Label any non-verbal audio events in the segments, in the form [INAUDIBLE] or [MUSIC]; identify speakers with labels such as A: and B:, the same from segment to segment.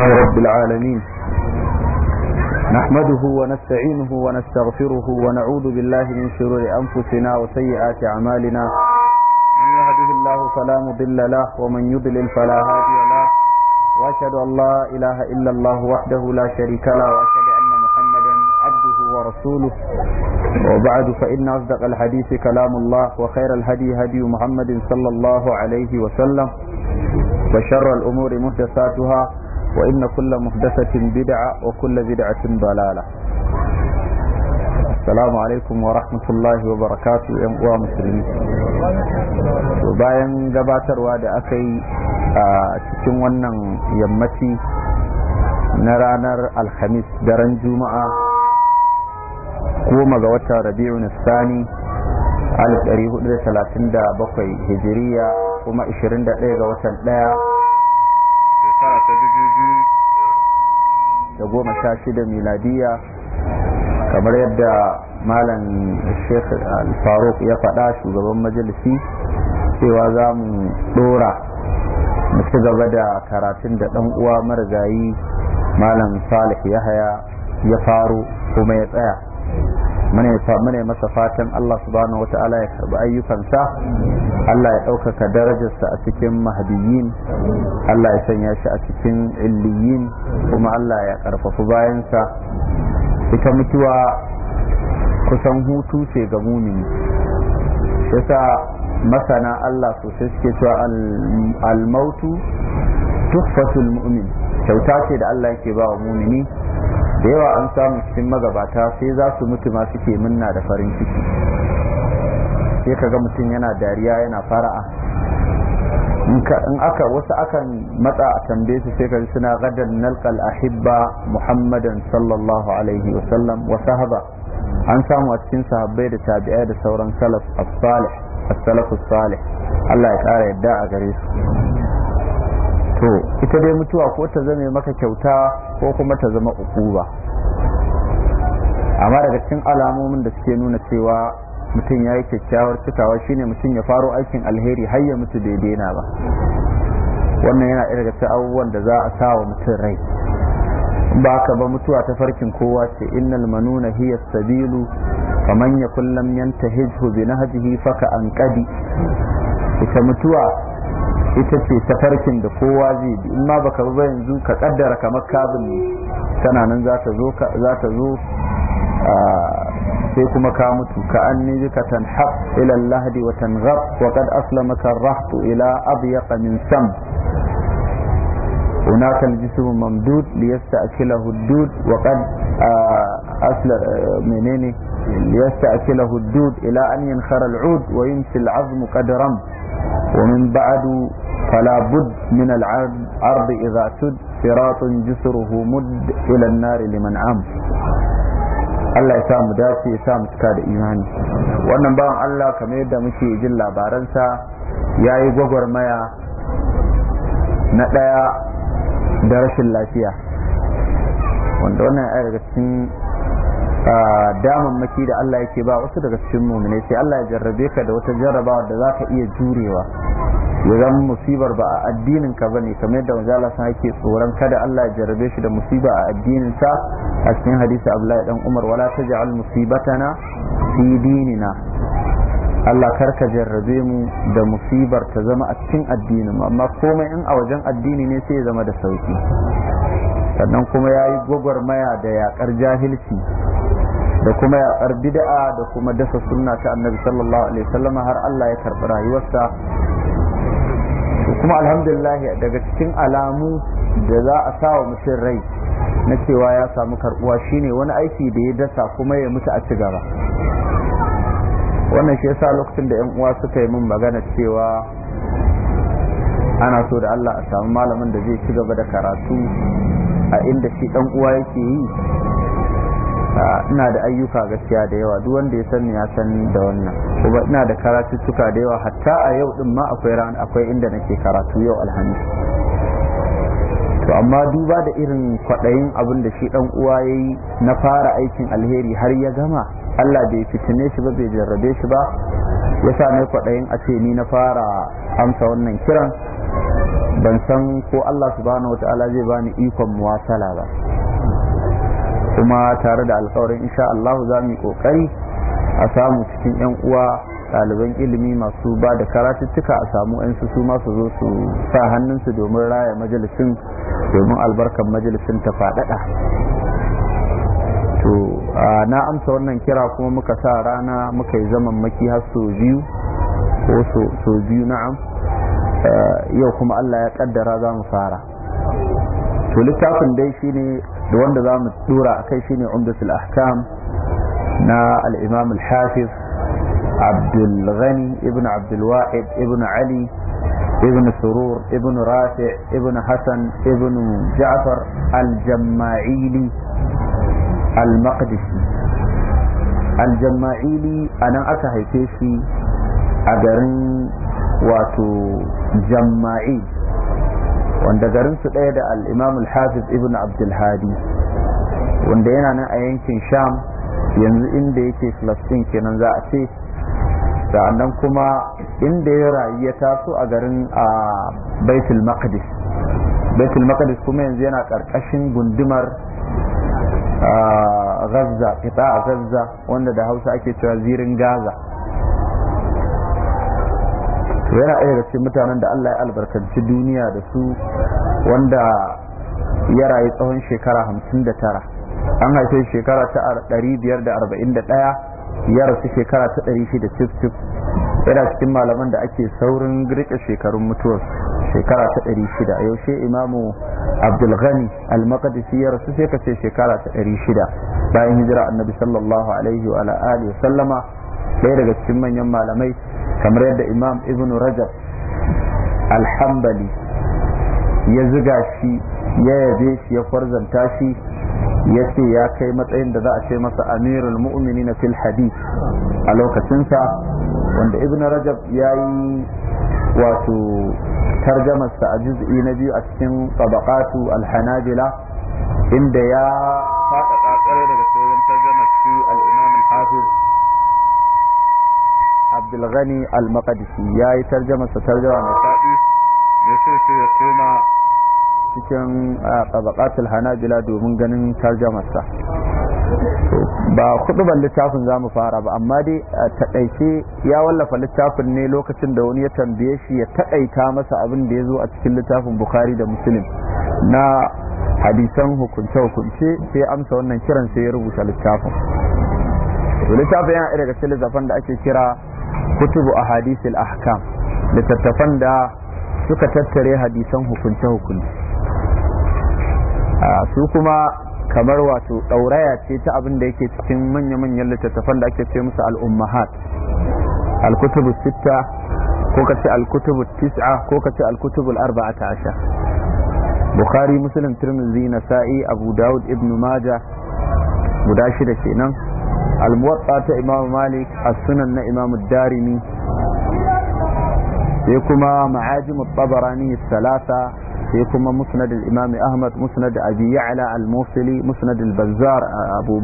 A: رب العالمين نحمده ونستعينه ونستغفره ونعوذ بالله من شرور أنفسنا وسيئات أعمالنا من يهده الله فلا مضل له ومن يضلل فلا هادي له وأشهد أن لا إله إلا الله وحده لا شريك له وأشهد أن محمدا عبده ورسوله وبعد فإن أصدق الحديث كلام الله وخير الهدي هدي محمد صلى الله عليه وسلم وشر الأمور محدثاتها وإن كل محدثة بدعة وكل بدعة ضلالة السلام عليكم ورحمة الله وبركاته يا مسلمين bayan gabatarwa da aka yi a cikin wannan yammaci na ranar alhamis daren juma'a goma ga wata rabi'un sani 1437 hijiriya kuma 21 ga watan ɗaya. da goma sha shida miladiya kamar yadda malam sheikh al-faruk ya faɗa shugaban majalisi cewa za mu ɗora mu ci gaba da karatun da ɗan uwa marigayi malam salih yahaya ya faro kuma ya tsaya mune masa fatan Allah subhanahu wa ta'ala ya karbi ayyukansa Allah ya ɗaukaka darajarsa a cikin mahdiyin Allah ya sanya shi a cikin illiyin kuma Allah ya ƙarfafi bayansa ita mutuwa kusan hutu ce ga mumini yasa masana Allah sosai suke cewa almautu tuhfatul mu'min kyauta ce da Allah yake ba wa mumini da yawa an samu cikin magabata sai za su mutu ma suke minna da farin ciki sai kaga mutum yana dariya yana fara'a in aka wasu akan matsa a tambaye su sai ji suna gadan nalkal ahibba muhammadan sallallahu alaihi wasallam wa sahaba an samu a cikin sahabbai da tabi'ai da sauran salaf as-salih as-salaf salih Allah ya kara yadda a gare su to ita dai mutuwa ko ta zame maka kyauta ko kuma ta zama ukuba amma daga cikin alamomin da suke nuna cewa mutum ya yi kyakkyawar cikawa shine mutum ya faro aikin alheri har ya mutu bai daina ba wannan yana daga cikin abubuwan da za a sa wa mutum rai ba ka ba mutuwa ta farkin kowa ce innal manuna hiya sabilu kaman ya kullum yantahijhu bi nahjihi faka anqadi ita mutuwa ita ce ta farkin da kowa zai bi in ma baka ba yanzu ka kaddara kamar kabin ne tana nan zo za ta zo ah, sai kuma ka mutu ka إلى اللهد وتنغط ila أسلمك lahdi wa tanghab wa qad ila abyaq min sam هناك الجسم ممدود ليستأكله الدود وقد أسل منيني ليستأكله الدود إلى أن ينخر العود ويمسي العظم قد رم ومن بعد فلا بد من العرض إذا سد صراط جسره مد إلى النار لمن عم Allah ya sa mu dace ya sa mu cika da imani wannan bawan Allah kamar yadda muke jin labaransa ya yi gwagwarmaya na ɗaya da rashin lafiya wanda wannan ya daga cikin damammaki da Allah yake ba wasu daga cikin muminai sai Allah ya jarrabe ka da wata jarrabawa da za ka iya jurewa ya zama musibar ba a addinin ka bane kamar yadda wajala Allah yake tsoron kada Allah ya jarrabe shi da musiba a addinin sa a cikin hadisi Abdullahi dan Umar wala taj'al musibatana fi dinina Allah kar ka jarrabe mu da musibar ta zama a cikin addinin amma komai in a wajen addini ne sai ya zama da sauki sannan kuma ya yi gwagwarmaya da yakar jahilci da kuma yaƙar bid'a da kuma dasa sunna ta annabi sallallahu alaihi wasallam har Allah ya karɓi rayuwarsa kuma alhamdulillah daga cikin alamu da za a sa wa mutum rai na cewa ya samu karbuwa shine wani aiki da ya dasa kuma ya mutu a ci gaba wannan shi yasa lokacin da 'yan uwa suka yi min magana cewa ana so da Allah a samu malamin da zai ci gaba da karatu a inda shi dan uwa yake yi ina da ayyuka gaskiya da yawa duk wanda ya sani ya san da wannan kuma ina da karatuttuka da yawa hatta a yau din ma akwai ran akwai inda nake karatu yau alhamis to amma duba da irin kwaɗayin abin da shi dan uwa yayi na fara aikin alheri har ya gama Allah bai fitine shi ba bai jarrabe shi ba ya sa mai kwaɗayin a ce ni na fara amsa wannan kiran ban san ko Allah subhanahu wataala zai bani ikon muwasala ba kuma tare da alkawarin insha Allah za mu yi kokari a samu cikin yan uwa ɗaliban ilimi masu ba da karatuttuka a samu yan su ma su zo su sa hannunsu domin raya majalisin domin albarkar majalisin ta faɗaɗa to na amsa wannan kira kuma muka sa rana muka yi zaman maki har biyu ko sau biyu na'am eh, yau kuma Allah ya ƙaddara za mu fara to littafin dai shine da wanda za mu tura a kai shi ne umdatul ahkam na al-imam al-hafiz abdul ghani ibn abdul wahid ibn ali ibn ibn ibn surur rafi ابن سرور ابن رافع ابن حسن ابن جعفر الجماعيلي aka haife shi a garin wato جماعيل wanda garin su ɗaya da al al-hafiz ibn abdulhadi wanda yana nan a yankin sham yanzu inda yake filastin kenan za a ce sa'annan kuma inda ya rayu ya taso a garin a baitul maqdis baitul maqdis kuma yanzu yana ƙarƙashin gundumar gaza kita a gaza wanda da hausa ake cewa zirin gaza yana ɗaya da ce mutanen da Allah ya albarkanci duniya da su wanda ya rayu tsawon shekara hamsin da tara an haife shekara ta ɗari biyar da arba'in da ɗaya ya rasu shekara ta ɗari shida cif cif yana cikin malaman da ake saurin rike shekarun mutuwar shekara ta ɗari shida yaushe imamu abdulghani al-maqdisi ya rasu sai ka ce shekara ta ɗari shida bayan hijira annabi sallallahu alaihi wa alihi wa sallama ɗaya daga cikin manyan malamai kamar yadda imam ibn rajab alhambali ya ziga shi ya yabe shi ya kwarzanta shi ya ce ya kai matsayin da za a ce masa amirul mu'mini na fil hadith a lokacinsa wanda ibn rajab ya yi wato tarjamarsa a juz'i na biyu a cikin tabaqatu alhanabila inda ya faɗa abdulghani al-maqdisi ya yi tarjama sa tarjama
B: mai faɗi ya ya koma
A: cikin tabaqatul hanabila domin ganin tarjamarsa ba kuduban littafin za mu fara ba amma dai a taɗaice ya wallafa littafin ne lokacin da wani ya tambaye shi ya taɗaita masa abin da ya zo a cikin littafin bukhari da musulun na hadisan hukunce-hukunce sai ya amsa wannan kiran sai ya rubuta littafin littafin yana daga cikin littafin da ake kira kutubu a ahadisil ahkam littattafan da suka tattare hadisan hukunce-hukunce ah, su kuma kamar wato ɗauraya ce ta abin da yake cikin manya-manyan littattafan da ake ce musu al'ummahat al-kutubu sitta ko ce al-kutubu tis'a ko ce al-kutubu arba'ata asha bukari muslim tirmidhi nasa'i abu dawud ibn maja guda shida kenan almuwatta ta imam malik a sunan na imam darimi sai kuma ma'ajim tabarani salasa sai kuma musnad imam ahmad musnad abi ya'la al-musili musnad al-bazzar abu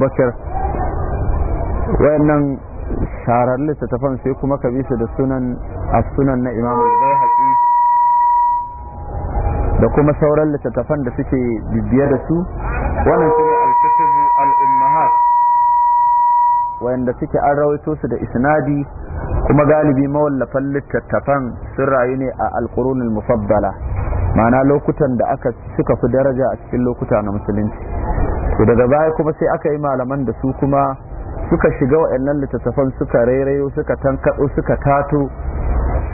A: wayannan sharar littattafan sai kuma ka bi da sunan a sunan na imam
B: bayhaqi
A: da kuma sauran littattafan da suke bibiye da su wannan wayanda suke an rawaito su da isnadi kuma galibi mawallafan littattafan sun rayu ne a alqurunul mufabbala ma'ana lokutan da aka suka fi daraja a cikin lokuta na musulunci to daga baya kuma sai aka yi malaman da su kuma suka shiga wa'annan littattafan suka rairayo suka tankaɗo suka tato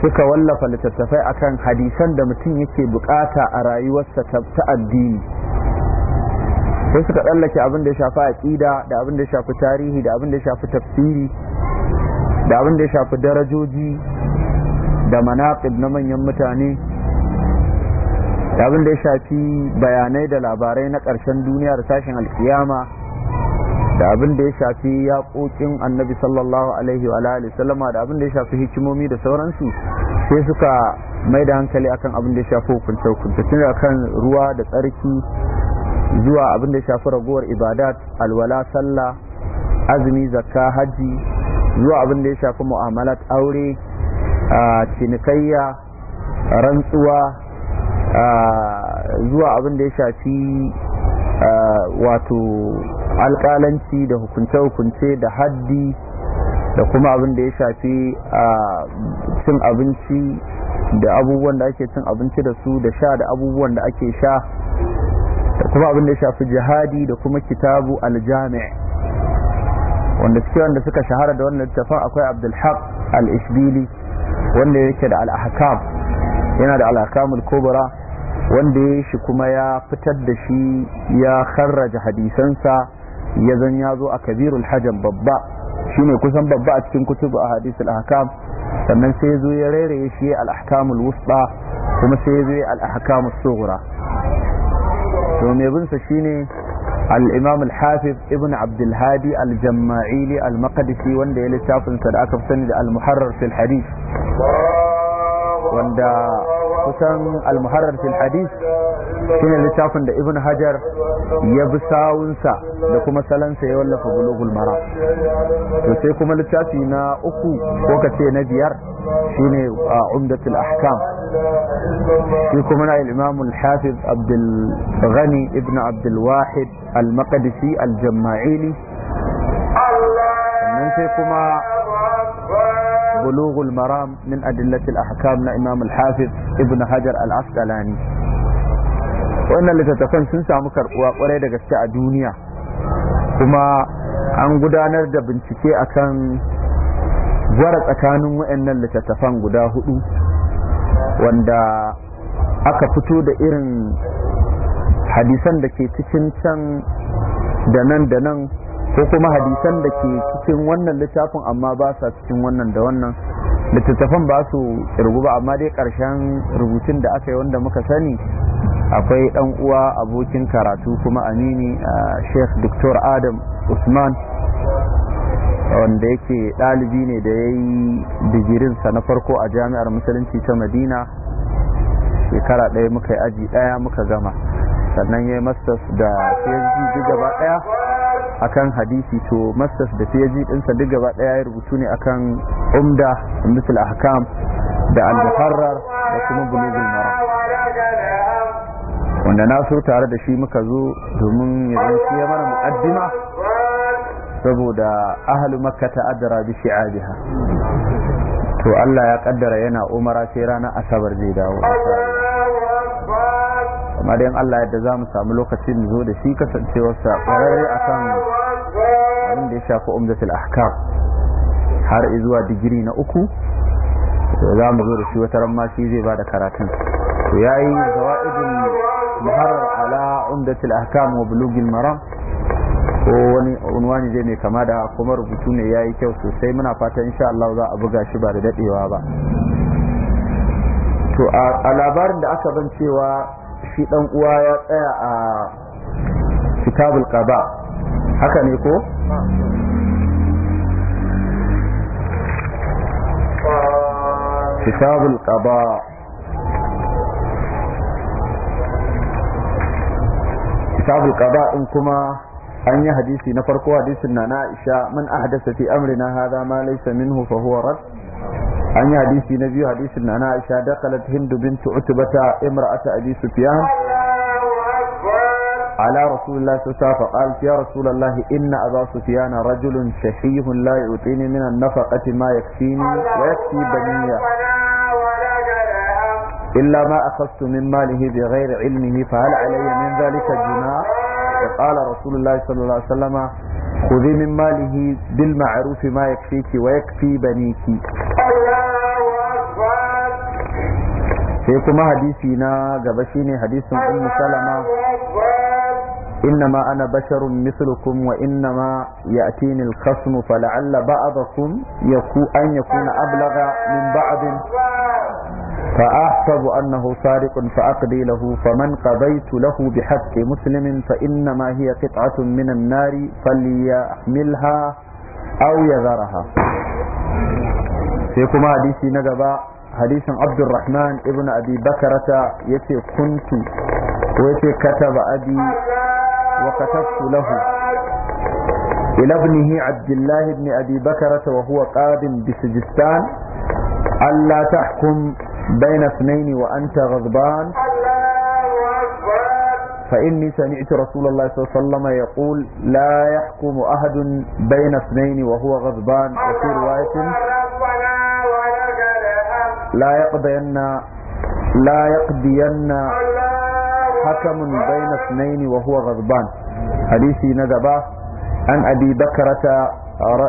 A: suka wallafa littattafai akan hadisan da mutum yake bukata a rayuwarsa ta addini sai suka tsallake abin da ya shafi aƙida da abin da ya shafi tarihi da abin da ya shafi tafsiri da abin da ya shafi darajoji da manaƙib na manyan mutane da abin da ya shafi bayanai da labarai na ƙarshen duniya da sashen alkiyama da abin da ya shafi yaƙoƙin annabi sallallahu alaihi wa alihi sallama da abin da ya shafi hikimomi da sauransu sai suka mai da hankali akan abin da ya shafi hukunce hukunce tun da kan ruwa da tsarki zuwa abin da shafi ragowar ibadat alwala sallah azumi zakka hajji zuwa abin da ya shafi mu'amalat aure a cinikayya rantsuwa zuwa abin da ya shafi wato alkalanci da hukunce-hukunce da haddi da kuma abin da ya shafi cin abinci da abubuwan da ake cin abinci da su da sha da abubuwan da ake sha kuma abin da ya shafi jihadi da kuma kitabu aljami' wanda suke wanda suka shahara da wannan littafin akwai abdulhaq al-ishbili wanda yake da al-ahkam yana da al-ahkam al-kubra wanda ya shi kuma ya fitar da shi ya kharraja hadisansa ya zan ya zo a kabirul hajam babba shine kusan babba a cikin kutubu a hadis al-ahkam sannan sai ya zo ya rairaye shi al-ahkam al-wusta kuma sai ya zo al-ahkam al-sughra to mai bin shine al-imam al-hafiz ibn abd al-hadi al-jamma'ili al-maqdisi wanda ya littafin sa da aka fi sani da al-muharrar fil hadith wanda kusan almuharar hadis shine littafin da ibn hajar ya bi sawunsa da kuma salansa ya wallafa bulugul mara to sai kuma littafi na uku ko ka ce na biyar shine umdatul ahkam shi kuma na al hafiz abdul ghani ibn abdul wahid al-maqdisi al-jamma'ili sai kuma بلوغ المرام من أدلة الأحكام لإمام الحافظ ابن حجر العسقلاني وإن اللي تتكون سنسى مكر gaske a الدنيا كما an gudanar da bincike akan gwara tsakanin waɗannan littattafan guda hudu wanda aka fito da irin hadisan da ke cikin can da nan da nan ko kuma hadisan da ke cikin wannan littafin amma ba sa cikin wannan da wannan littattafan ba su irgu ba amma dai karshen rubutun da aka yi wanda muka sani akwai dan uwa abokin karatu kuma amini sheikh dr adam usman wanda yake ɗalibi ne da ya yi digirinsa na farko a jami'ar musulunci ta madina shekara ɗaya muka yi aji ɗaya muka gama sannan ya yi masters da
B: phd gaba ɗaya
A: akan hadisi to masters da yaji ɗinsa duk gaba ɗaya ya rubutu ne akan umda misal ahkam da al-muharrar
B: da kuma bulugul mara
A: wanda na so tare da shi muka zo domin ya zanci ya mana muqaddima saboda ahlu makka ta adara bi shi'abiha to Allah ya kaddara yana umara sai ranar asabar zai dawo amma Allah yadda za mu samu lokacin zo da shi kasancewarsa ƙwararre a kan abin da ya shafi umdatul ahkam har zuwa digiri na uku za mu zo da shi wata ramma shi zai ba da karatun to yayi zawaidin muharrar ala umdatul ahkam wa bulugil maram ko wani unwani zai mai kama da kuma rubutu ne yayi kyau sosai muna fata insha Allah za a buga shi ba da dadewa ba to a labarin da aka ban cewa shi dan uwa ya tsaya a kitabul qada haka ne ko kitabul qada kitabul qada in kuma an yi hadisi na farko hadisin na na Aisha man ahdasa fi amrina hadha ma laysa minhu fa huwa rad an yi hadisi na biyu hadisin na na aisha dakalat hindu bintu utubata imra'ata abi sufyan على رسول الله صلى الله عليه وسلم فقالت يا رسول الله إن أبا سفيان رجل شحيح لا يعطيني من النفقة ما يكفيني ويكفي بني إلا ما أخذت من ماله بغير علمه فهل علي من ذلك جناح فقال رسول الله صلى الله عليه وسلم خذي من ماله بالمعروف ما يكفيك ويكفي بنيك sai kuma hadisi na gaba shine hadisin ummu salama innama ana basharun mislukum wa innama ya'tini al-khasm fa la'alla ba'dakum yaku an yakuna ablagha min ba'd fa ahsabu annahu sariqun fa aqdi lahu fa man qadaytu lahu bi haqqi muslimin fa innama hiya qit'atun min an-nar falyamilha aw yadharaha sai kuma hadisi na gaba حديث عبد الرحمن ابن أبي بكرة يتي كنت ويتي كتب أبي وكتبت له إلى ابنه عبد الله بن أبي بكرة وهو قادم بسجستان ألا تحكم بين اثنين وأنت غضبان فإني سمعت رسول الله صلى الله عليه وسلم يقول لا يحكم أحد بين اثنين وهو غضبان وفي رواية لا يقضين لا يقضين حكم بين اثنين وهو غضبان حديثي نذبا عن أبي بكرة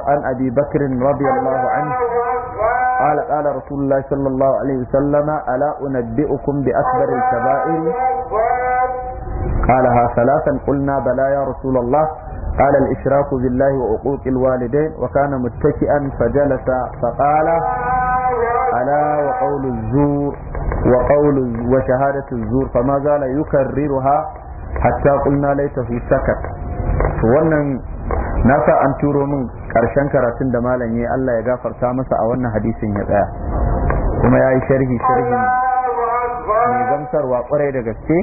A: عن أبي بكر رضي الله عنه قال قال رسول الله صلى الله عليه وسلم ألا أنبئكم بأكبر الكبائر قالها ثلاثا قلنا بلى يا رسول الله قال الإشراك بالله وعقوق الوالدين وكان متكئا فجلس فقال ألا وقول الزور وقول وشهادة الزور فما زال يكررها حتى قلنا ليته سكت wannan nasa an turo min ƙarshen karatun da malam ya Allah ya gafarta masa a wannan hadisin ya tsaya kuma ya yi sharhi sharhi mai gamsarwa kwarai da gaske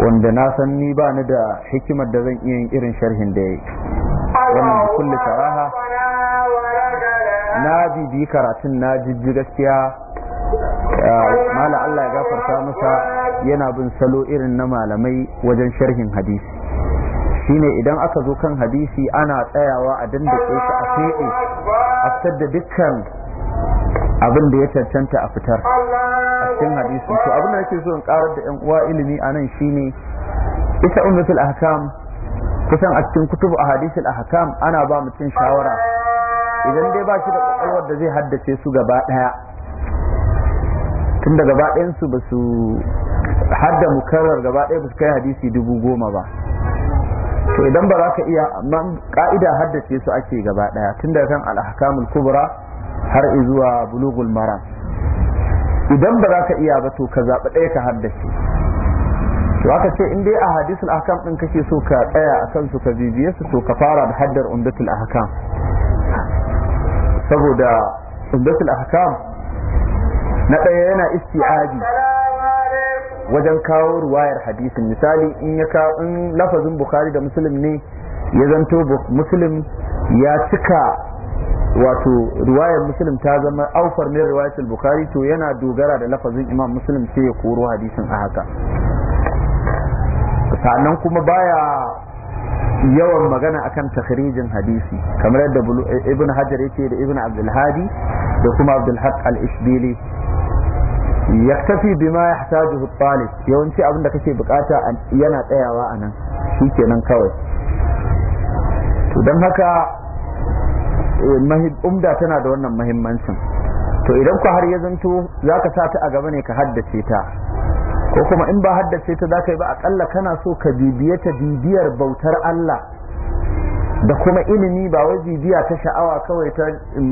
A: wanda na san ni bani da hikimar da zan iya yin irin sharhin da ya yi
B: wannan kulli saraha
A: na bibi karatun na jijji gaskiya ah, mala Allah ya gafarta masa yana bin salo irin na malamai wajen sharhin hadisi shine idan aka zo kan hadisi ana tsayawa a dandake shi a fiɗe a fitar dukkan abin da ya cancanta a fitar
B: a
A: cikin hadisi to abin da nake so in karar da yan uwa ilimi a nan shine ita ummatul ahkam kusan a cikin kutubu ahadisul ahkam ana ba mutum shawara idan dai ba shi da kwakwalwar da zai haddace su gaba daya tun da gaba su ba su hadda mukarrar gaba daya ba su kai hadisi dubu goma ba to idan ba za ka iya amma ka'ida haddace su ake gaba daya tun da kan al kubura kubra har zuwa bulugul maram idan ba za ka iya ba to ka zaɓi ɗaya ka haddace to aka ce in dai a hadisul ahkam ɗin kake so ka tsaya a kansu ka bibiye su to ka fara da haddar umdatul ahkam saboda umdatul ahkam na ɗaya yana isti'adi wajen kawo ruwayar hadisin misali in ya ka in lafazin bukhari da muslim ne ya zanto muslim ya cika wato ruwayar muslim ta zama aufar min riwayatul bukhari to yana dogara da lafazin imam muslim sai ya koro hadisin a haka sannan kuma
B: baya
A: yawan magana akan takhrijin hadisi kamar yadda ibn hajar yake da ibn abdulhadi da kuma abdul haq al isbili yaktafi bima yahtajuhu talib yawanci abin da kake bukata yana tsayawa anan shikenan kawai to don haka eh, umda tana da wannan mahimmancin to idan ku har ya zanto za sa ta a gaba ne ka haddace ta ko kuma in ba haddace ta zaka yi ba akalla kana so ka bibiye ta bibiyar bautar Allah da kuma ilimi ba wai bibiya ta sha'awa kawai ta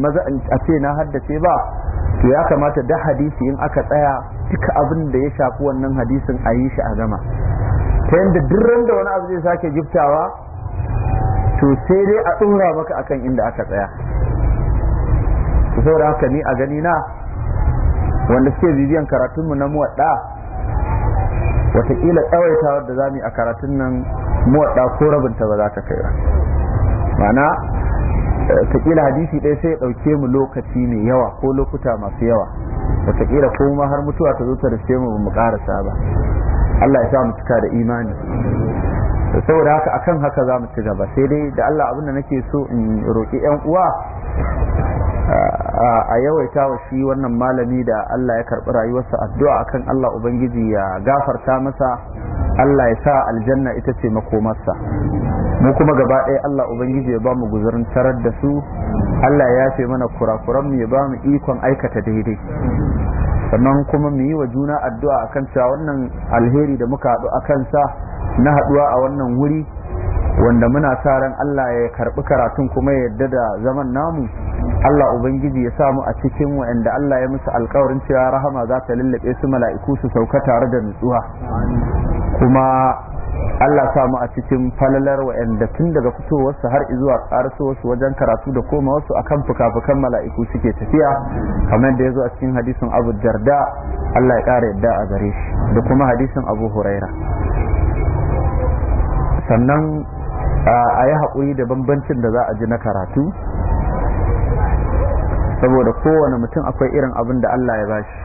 A: maza a ce na haddace ba to ya kamata da hadisi in aka tsaya cika abin da ya shafi wannan hadisin a yi shi a gama ta yadda duk da wani abu zai sake giftawa to sai dai a tsura maka akan inda aka tsaya saboda haka ni a gani na wanda suke bibiyan karatunmu na muwaɗa watakila za mu yi a karatun nan mu waɗa ko rabinta ba za ta kai ba mana eh, takila hadisi ɗaya sai ya ɗauke mu lokaci mai yawa ko lokuta masu yawa watakila ko ma har mutuwa ta zo ta rufe mu ba mu ƙarasa ba Allah ya sa mu cika da imani saboda haka akan haka za mu ci gaba sai dai da Allah abin da nake so in roƙi 'yan uwa a yawaita wa shi wannan malami da Allah ya karɓi rayuwarsa addu'a akan Allah Ubangiji ya gafarta masa Allah ya sa aljanna ita ce makomarsa mu kuma gaba ɗaya Allah Ubangiji ya ba mu guzurin tarar da su Allah ya yafe mana kurakuran mu ya ba mu ikon aikata daidai sannan kuma mu yi wa juna addu'a akan cewa wannan alheri da muka haɗu akan sa na haɗuwa a wannan wuri wanda muna sa ran Allah ya karbi karatun kuma ya yadda da zaman namu Allah ubangiji ya samu a cikin wa'anda Allah ya musu alkawarin cewa rahama za ta lallabe su mala'iku su sauka tare da nutsuwa kuma Allah samu a cikin falalar wa'anda tun daga fitowarsu har zuwa wasu wajen karatu da koma wasu akan fuka-fukan mala'iku suke tafiya kamar da ya zo a cikin hadisin abu jarda Allah ya ƙara yadda a gare shi da kuma hadisin abu huraira sannan a yi haƙuri da bambancin da za a ji na karatu saboda kowane mutum akwai irin abin da Allah ya ba shi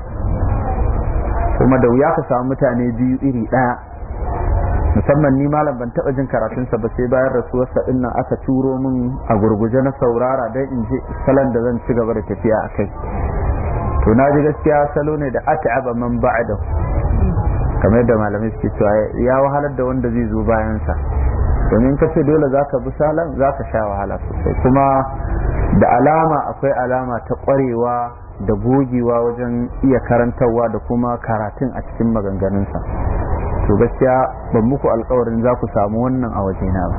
A: kuma da wuya ka samu mutane biyu iri ɗaya musamman ni malam ban taɓa jin karatunsa ba sai bayan rasuwarsa ɗin nan aka turo min a gurguje na saurara don in ji salon da zan ci gaba da tafiya a kai to na ji gaskiya salo ne da aka aba man ba'da kamar yadda malamai suke cewa ya wahalar da wanda zai zo bayansa domin ka ce dole zaka ka bi salan za sha wahala sosai kuma da alama akwai alama ta kwarewa da gogewa wajen iya karantarwa da kuma karatun a cikin maganganunsa to gaskiya ban muku alkawarin za ku samu wannan a wajena ba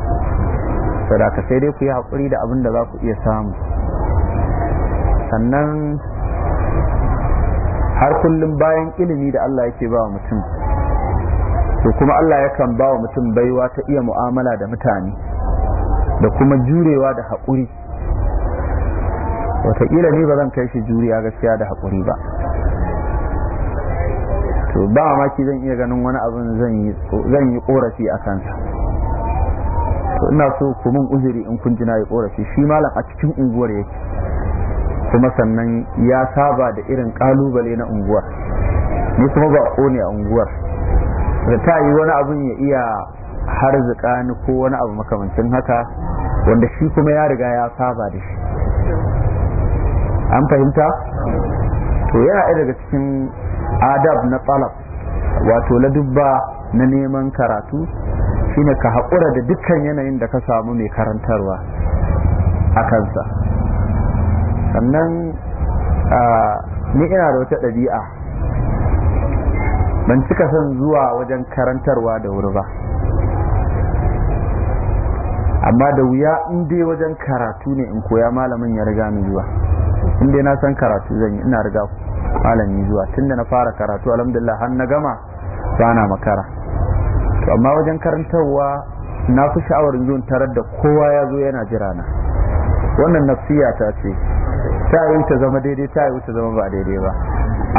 A: sadaka sai dai ku yi haƙuri da abin da za ku iya samu sannan har kullum bayan ilimi da Allah yake ba wa mutum to kuma Allah yakan ba wa mutum baiwa ta iya mu'amala da mutane da kuma jurewa da haƙuri wataƙila ni ba zan kai shi juriya gaskiya da haƙuri ba to ba mamaki zan iya ganin wani abin zan yi ƙorafi a kansa to ina so ku min uzuri in kun jina na yi ƙorafi shi malam a cikin unguwar yake kuma sannan ya saba da irin ƙalubale na unguwar ni kuma ba ne a unguwar da ta yi wani abun ya iya harzika ni ko wani abu makamancin haka wanda shi kuma ya riga ya saba da shi an fahimta to yana ɗaya daga cikin adab na tsalab wato ladubba na neman karatu shi shine ka haƙura da dukkan yanayin da ka samu mai karantarwa a kansa sannan ah, ni ina da wata ɗabi'a ban cika son zuwa wajen karantarwa da wuri ba amma da wuya inda wajen karatu ne in koya malamin ya riga ni zuwa inda na san karatu zan yi ina riga malami zuwa tunda na fara karatu alhamdulillah har na gama ba na makara to amma wajen karantarwa na fi sha'awar zuwan tarar da kowa ya zo yana jira na wannan nafsiya ta ce ta yi ta zama daidai ta yi ta zama ba daidai ba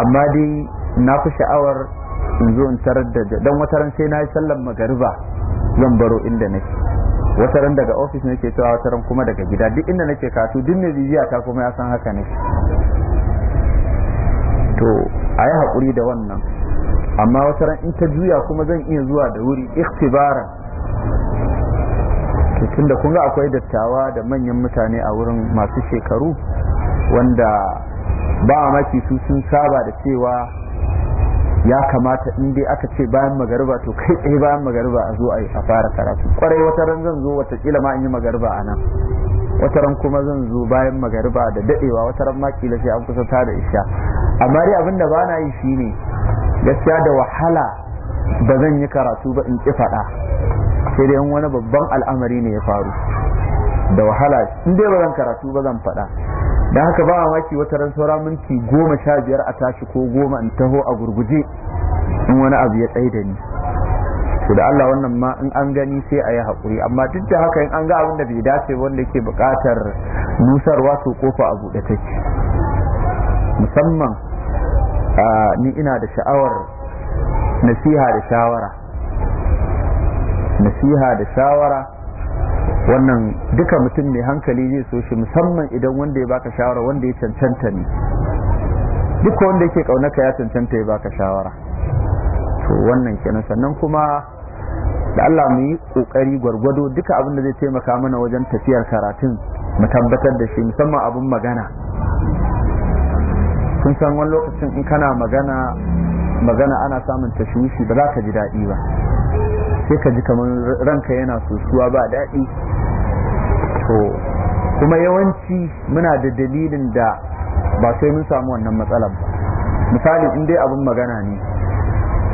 A: amma dai na fi sha'awar in zo in tarar da dan wata ran sai na yi sallan magariba zan baro inda nake wata ran daga ofis nake tawa wata ran kuma daga gida duk inda nake katu duk mai bibiya ta kuma ya san haka nake to a yi haƙuri da wannan amma wata ran in ta juya kuma zan iya zuwa da wuri ikhtibara tun da ga akwai dattawa da manyan mutane a wurin masu shekaru wanda ba maki su sun saba da cewa ya kamata in dai aka ce bayan magariba to kai tsaye bayan magariba a zo a fara karatu kwarai wata ran zan zo watakila ma in yi magariba a nan wata ran kuma zan zo bayan magariba da dadewa wata ran ma kila sai an kusa ta da isha amma dai abin da bana yi shine gaskiya da wahala ba zan yi karatu ba in ki faɗa sai dai wani babban al'amari ne ya faru da wahala in dai ba zan karatu ba zan faɗa da haka ba a waki wata ran saura minti goma sha biyar a tashi ko goma in taho a gurguje in wani abu ya tsaye da ni to da Allah wannan ma in an gani sai a yi haƙuri amma duk da haka in an ga abin da bai dace wanda yake buƙatar nusarwa wato kofa a buɗe take musamman ni ina da sha'awar nasiha da shawara nasiha da shawara wannan duka mutum mai hankali zai so shi musamman idan wanda ya baka shawara wanda ya cancanta ne duka wanda yake kaunaka ya cancanta ya baka shawara to wannan kenan sannan kuma da Allah mu yi kokari gwargwado duka abin da zai taimaka mana wajen tafiyar karatun mu tabbatar da shi musamman abin magana kun san wani lokacin in kana magana magana ana samun tashwishi ba za ka ji daɗi ba sai ka ji kamar ranka yana sosuwa ba daɗi to kuma yawanci muna da dalilin da ba sai mun samu wannan matsalar ba misali in dai abin magana ne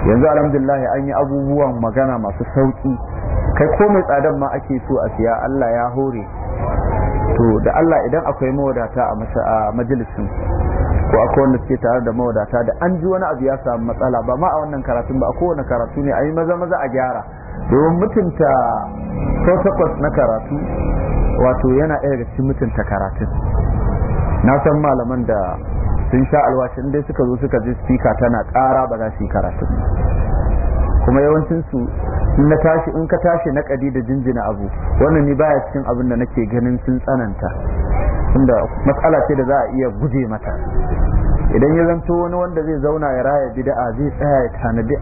A: yanzu alhamdulillah an yi abubuwan magana masu sauƙi kai ko mai tsadan ma ake so a siya Allah ya hore to da Allah idan akwai mawadata a majalisin ko akwai wanda suke tare da mawadata da an ji wani abu ya samu matsala ba ma a wannan karatun ba a kowane karatu ne a yi maza maza a gyara domin mutunta protocols na karatu wato yana ɗaya da cikin mutunta karatun na san malaman da sun sha alwashin dai suka zo suka ji spika tana ƙara ba za su yi karatu kuma yawancinsu na tashi in ka tashi na kadi da jinjina abu wannan ni baya cikin abin da nake ganin sun tsananta inda matsala ce da za a iya guje mata idan ya zanto wani wanda zai zauna ya raya bid'a zai tsaya ya tanadi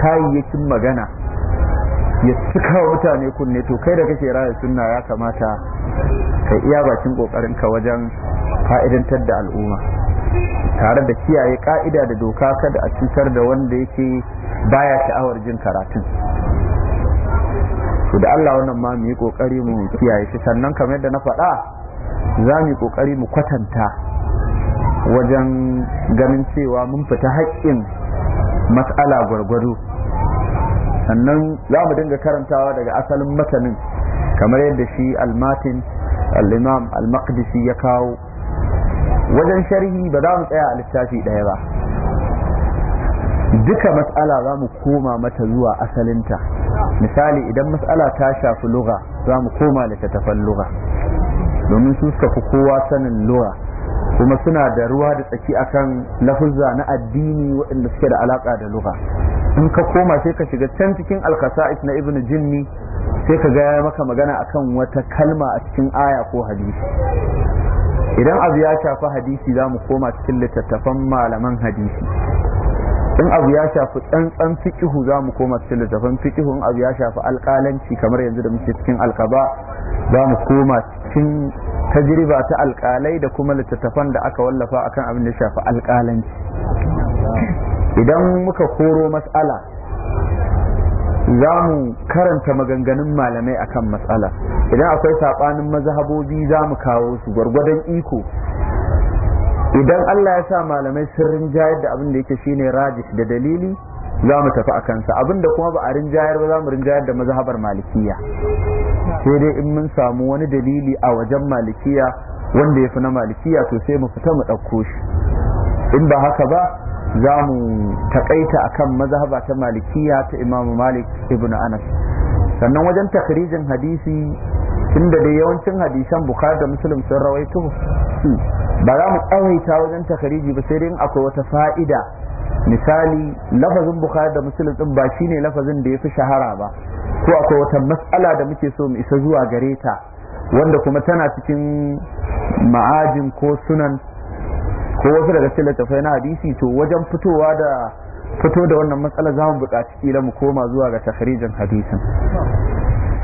A: kayayyakin magana ya cika mutane kunne to kai da kake raya sunna ya kamata ka iya bakin kokarin ka wajen fa'idantar da al'umma tare da kiyaye ka'ida da doka kada a cutar da wanda yake baya sha'awar jin karatun to da Allah wannan ma mu yi kokari mu kiyaye shi sannan kamar yadda na faɗa za mu yi kokari mu kwatanta wajen ganin cewa mun fita haƙƙin mas'ala gwargwado sannan za mu dinga karantawa daga asalin matanin kamar yadda shi almatin al-imam al-maqdisi ya kawo wajen sharhi ba za mu tsaya a littafi ɗaya ba duka matsala za mu koma mata zuwa asalinta misali idan matsala ta shafi luga za mu koma littattafan luga domin su suka fi kowa sanin lura kuma suna da ruwa da tsaki akan lafuzza na addini waɗanda suke da alaƙa da luga in ka koma sai ka shiga can cikin alkasa'is na ibnu jinni sai ka gaya maka magana akan wata kalma a cikin aya ko hadisi idan abu ya shafi hadisi za mu koma cikin littattafan malaman hadisi in abu ya shafi tsantsan fikihu za mu koma cikin littattafan fikihu in abu ya shafi alƙalanci kamar yanzu da muke cikin alkaba za mu koma cikin tajriba ta alƙalai da kuma littattafan da aka wallafa akan abin da shafi alƙalanci idan muka koro matsala za mu karanta maganganun malamai akan matsala idan akwai saɓanin mazahabobi, za mu kawo su gwargwadon iko idan Allah ya sa malamai sun rinjayar da abin da yake shine rajis da dalili za mu tafi a kansa abin da kuma ba a rinjayar ba za mu rinjayar da mazahabar malikiya sai dai in mun samu wani dalili a wajen malikiya wanda ya fi na malikiya to sai mu fita mu ɗauko shi in ba haka ba za mu takaita kan mazhaba ta malikiya ta imamu malik ibn anas sannan wajen takirijin hadisi tunda da yawancin hadisan bukhari da muslim sun rawaito ba za mu tsawaita wajen takariji ba sai dai akwai wata fa'ida misali lafazin bukhari da muslim din ba ne lafazin da yafi shahara ba ko akwai wata matsala da muke so mu isa zuwa gare ta wanda kuma tana cikin ma'ajin ko sunan ko wasu daga cikin littattafai na hadisi to wajen fitowa da fito da wannan matsalar za mu buƙaci kila mu koma zuwa ga tahrijin hadisin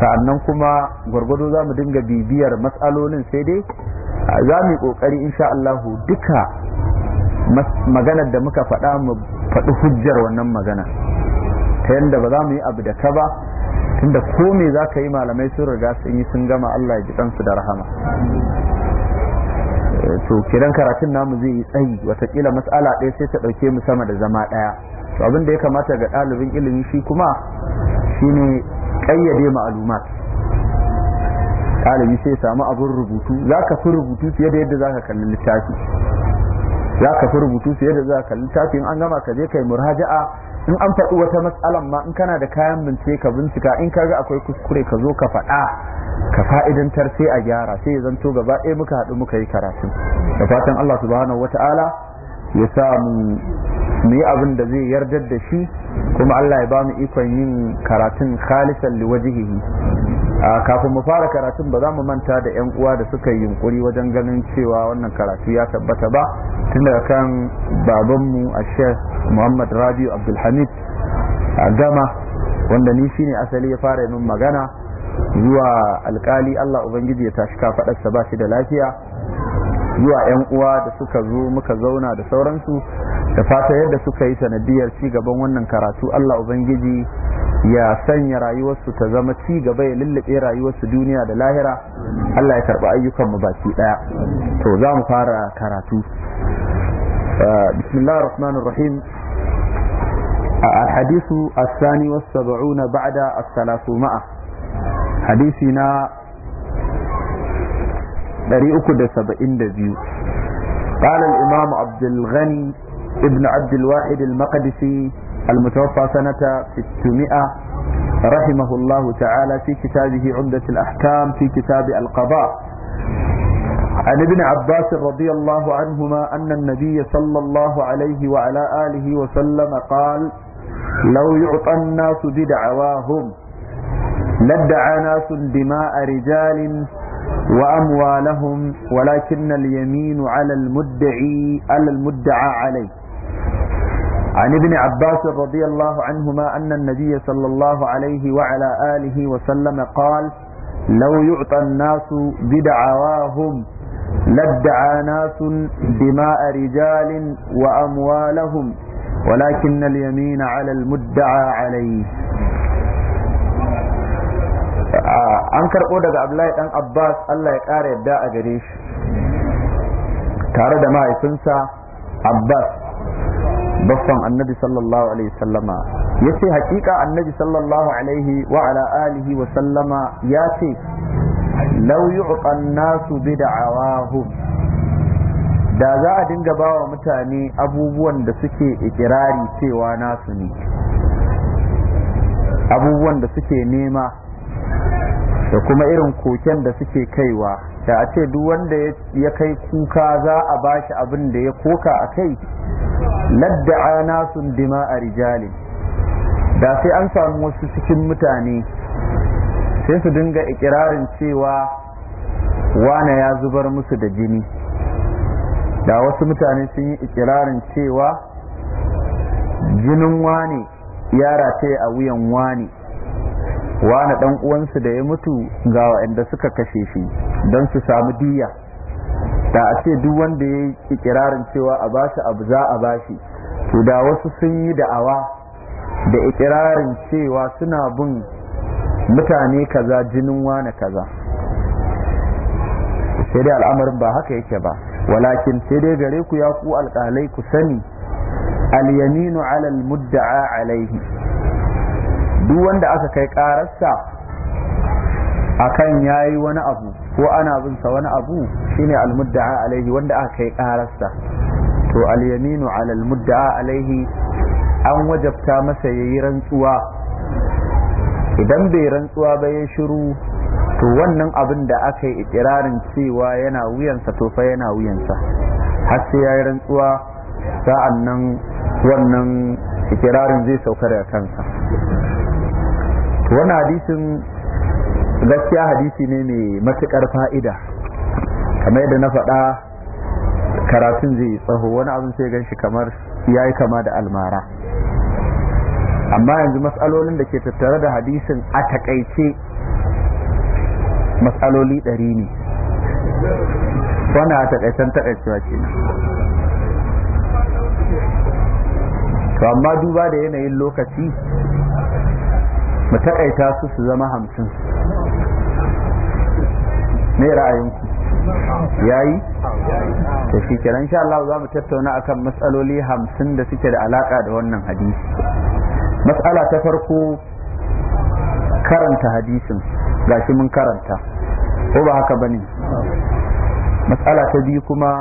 A: sa'annan kuma gwargwado za mu dinga bibiyar matsalolin sai dai za mu yi ƙoƙari insha Allah duka maganar da muka faɗa mu faɗi hujjar wannan magana ta yadda ba za mu yi abu da ka ba tunda ko me za ka yi malamai sun riga sun yi sun gama Allah ya ji ɗansu da rahama to kiran karatun namu zai yi tsayi watakila matsala ɗaya sai ta ɗauke mu sama da zama ɗaya to abin da ya kamata ga ɗalibin ilimi shi kuma shine ƙayyade ma'alumat ɗalibi sai samu abin rubutu za ka fi rubutu fiye da yadda za ka kalli littafi za ka fi rubutu fiye da za ka kalli littafi in an gama ka je kai murhaja'a in an faɗi wata matsalan ma in kana da kayan bincike ka bincika in ka ga akwai kuskure ka zo ka faɗa ka fa'idantar sai a gyara sai ya zanto gaba ɗaya muka haɗu muka yi karatu da fatan Allah subhanahu wata'ala ya sa mu yi abin da zai yardar da shi kuma Allah ya ba mu ikon yin karatun khalisan liwajihihi kafin mu fara karatun ba za mu manta da 'yan uwa da suka yi yunkuri wajen ganin cewa wannan karatu ya tabbata ba tun daga kan babanmu a sheikh muhammad rabiu abdulhamid a gama wanda ni shine asali ya fara min magana zuwa alkali allah ubangiji ya tashi kafaɗarsa ba shi da lafiya zuwa yan uwa da suka zo muka zauna da sauransu da fata yadda suka yi sanadiyar ci gaban wannan karatu Allah ubangiji ya sanya rayuwarsu ta zama cigaba ya lullube rayuwarsu duniya da lahira Allah ya karba ayyukan mu baki daya to za mu fara karatu bismillahir rahmanir rahim الحديث الثاني والسبعون بعد الثلاثمائة حديثنا 372 قال الإمام عبد الغني ابن عبد الواحد المقدسي المتوفى سنة 600 رحمه الله تعالى في كتابه عمدة الأحكام في كتاب القضاء عن ابن عباس رضي الله عنهما أن النبي صلى الله عليه وعلى آله وسلم قال لو يعطى الناس بدعواهم لدعى ناس دماء رجال وأموالهم ولكن اليمين على المدعي على المدعى عليه عن ابن عباس رضي الله عنهما أن النبي صلى الله عليه وعلى آله وسلم قال لو يعطى الناس بدعواهم لادعى ناس دماء رجال وأموالهم ولكن اليمين على المدعى عليه an karɓo daga abdullahi ɗan abbas allah ya ƙara yadda a gare shi tare da mahaifinsa abbas baffan annabi sallallahu alaihi sallama ya ce hakika annabi sallallahu alaihi wa ala wa sallama ya ce lau yu'qan nasu bi da za a dinga bawa mutane abubuwan da suke ikirari cewa nasu ne abubuwan da suke nema da kuma irin koken da suke kaiwa da a ce duk wanda ya kai kuka za a bashi abin da ya koka a kai ladda ladda'a nasun dima a rijali da sai an samu wasu cikin mutane sai su dinga ikirarin cewa wane ya zubar musu da jini da wasu mutane sun yi ikirarin cewa jinin wane ya rataye a wuyan wane wani dan uwansu da ya mutu ga waɗanda suka kashe shi don su samu diya da a ce duk wanda ya yi ikirarin cewa a bashi abu za a bashi to da wasu sun yi da'awa da ikirarin cewa suna bin mutane kaza jinin wani kaza sai dai al'amarin ba haka yake ba walakin sai dai gare ku ya ku alƙalai ku sani alyaminu yaminu alal mudda'a alaihi duk wanda aka kai ƙararsa akan yayi wani abu ko ana bin wani abu shine almudda'a alaihi wanda aka kai ƙararsa to alyaminu ala almudda'a alaihi an wajabta masa yayi rantsuwa idan bai rantsuwa ba ya shiru to wannan abin da aka yi ikirarin cewa yana wuyansa to fa yana wuyansa har sai yayi rantsuwa sa'an nan wannan ikirarin zai saukar da kansa Wani hadisin gaskiya hadisi ne mai matukar fa'ida kamar yadda na faɗa karatun zai tsaho wani abin sai gan shi kamar ya yi kama da almara amma yanzu matsalolin da ke tattare da hadisin a takaice matsaloli ɗari ne wani a takaicen takaicewa ce to amma duba da yanayin lokaci mu taƙaita su su zama hamsin me ra'ayinku yayi da shi kira insha Allah za mu tattauna akan matsaloli hamsin da suke da alaka da wannan hadisi matsala ta farko karanta hadisin gashi mun karanta ko ba haka bane matsala ta biyu kuma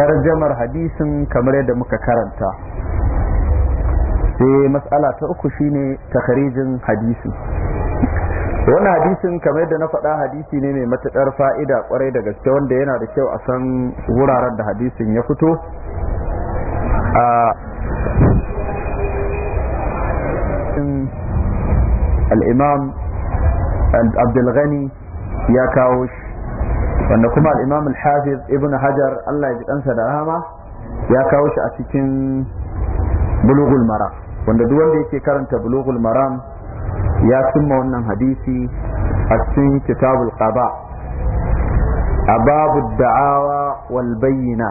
A: tarjamar hadisin kamar yadda muka karanta sai matsala ta uku shine takharijin hadisi wannan hadisin kamar yadda na faɗa hadisi ne mai matuƙar fa'ida kwarai da gaske wanda yana da kyau a san wuraren da hadisin ya fito a al'imam abdulghani ya kawo shi wanda kuma al'imam al-hafiz ibn hajar allah ya ji ɗansa da rahama ya kawo shi a cikin bulughul maram wanda duk wanda yake karanta bulughul maram ya cimma wannan hadisi a cikin kitabul qada a babu da'awa wal bayyina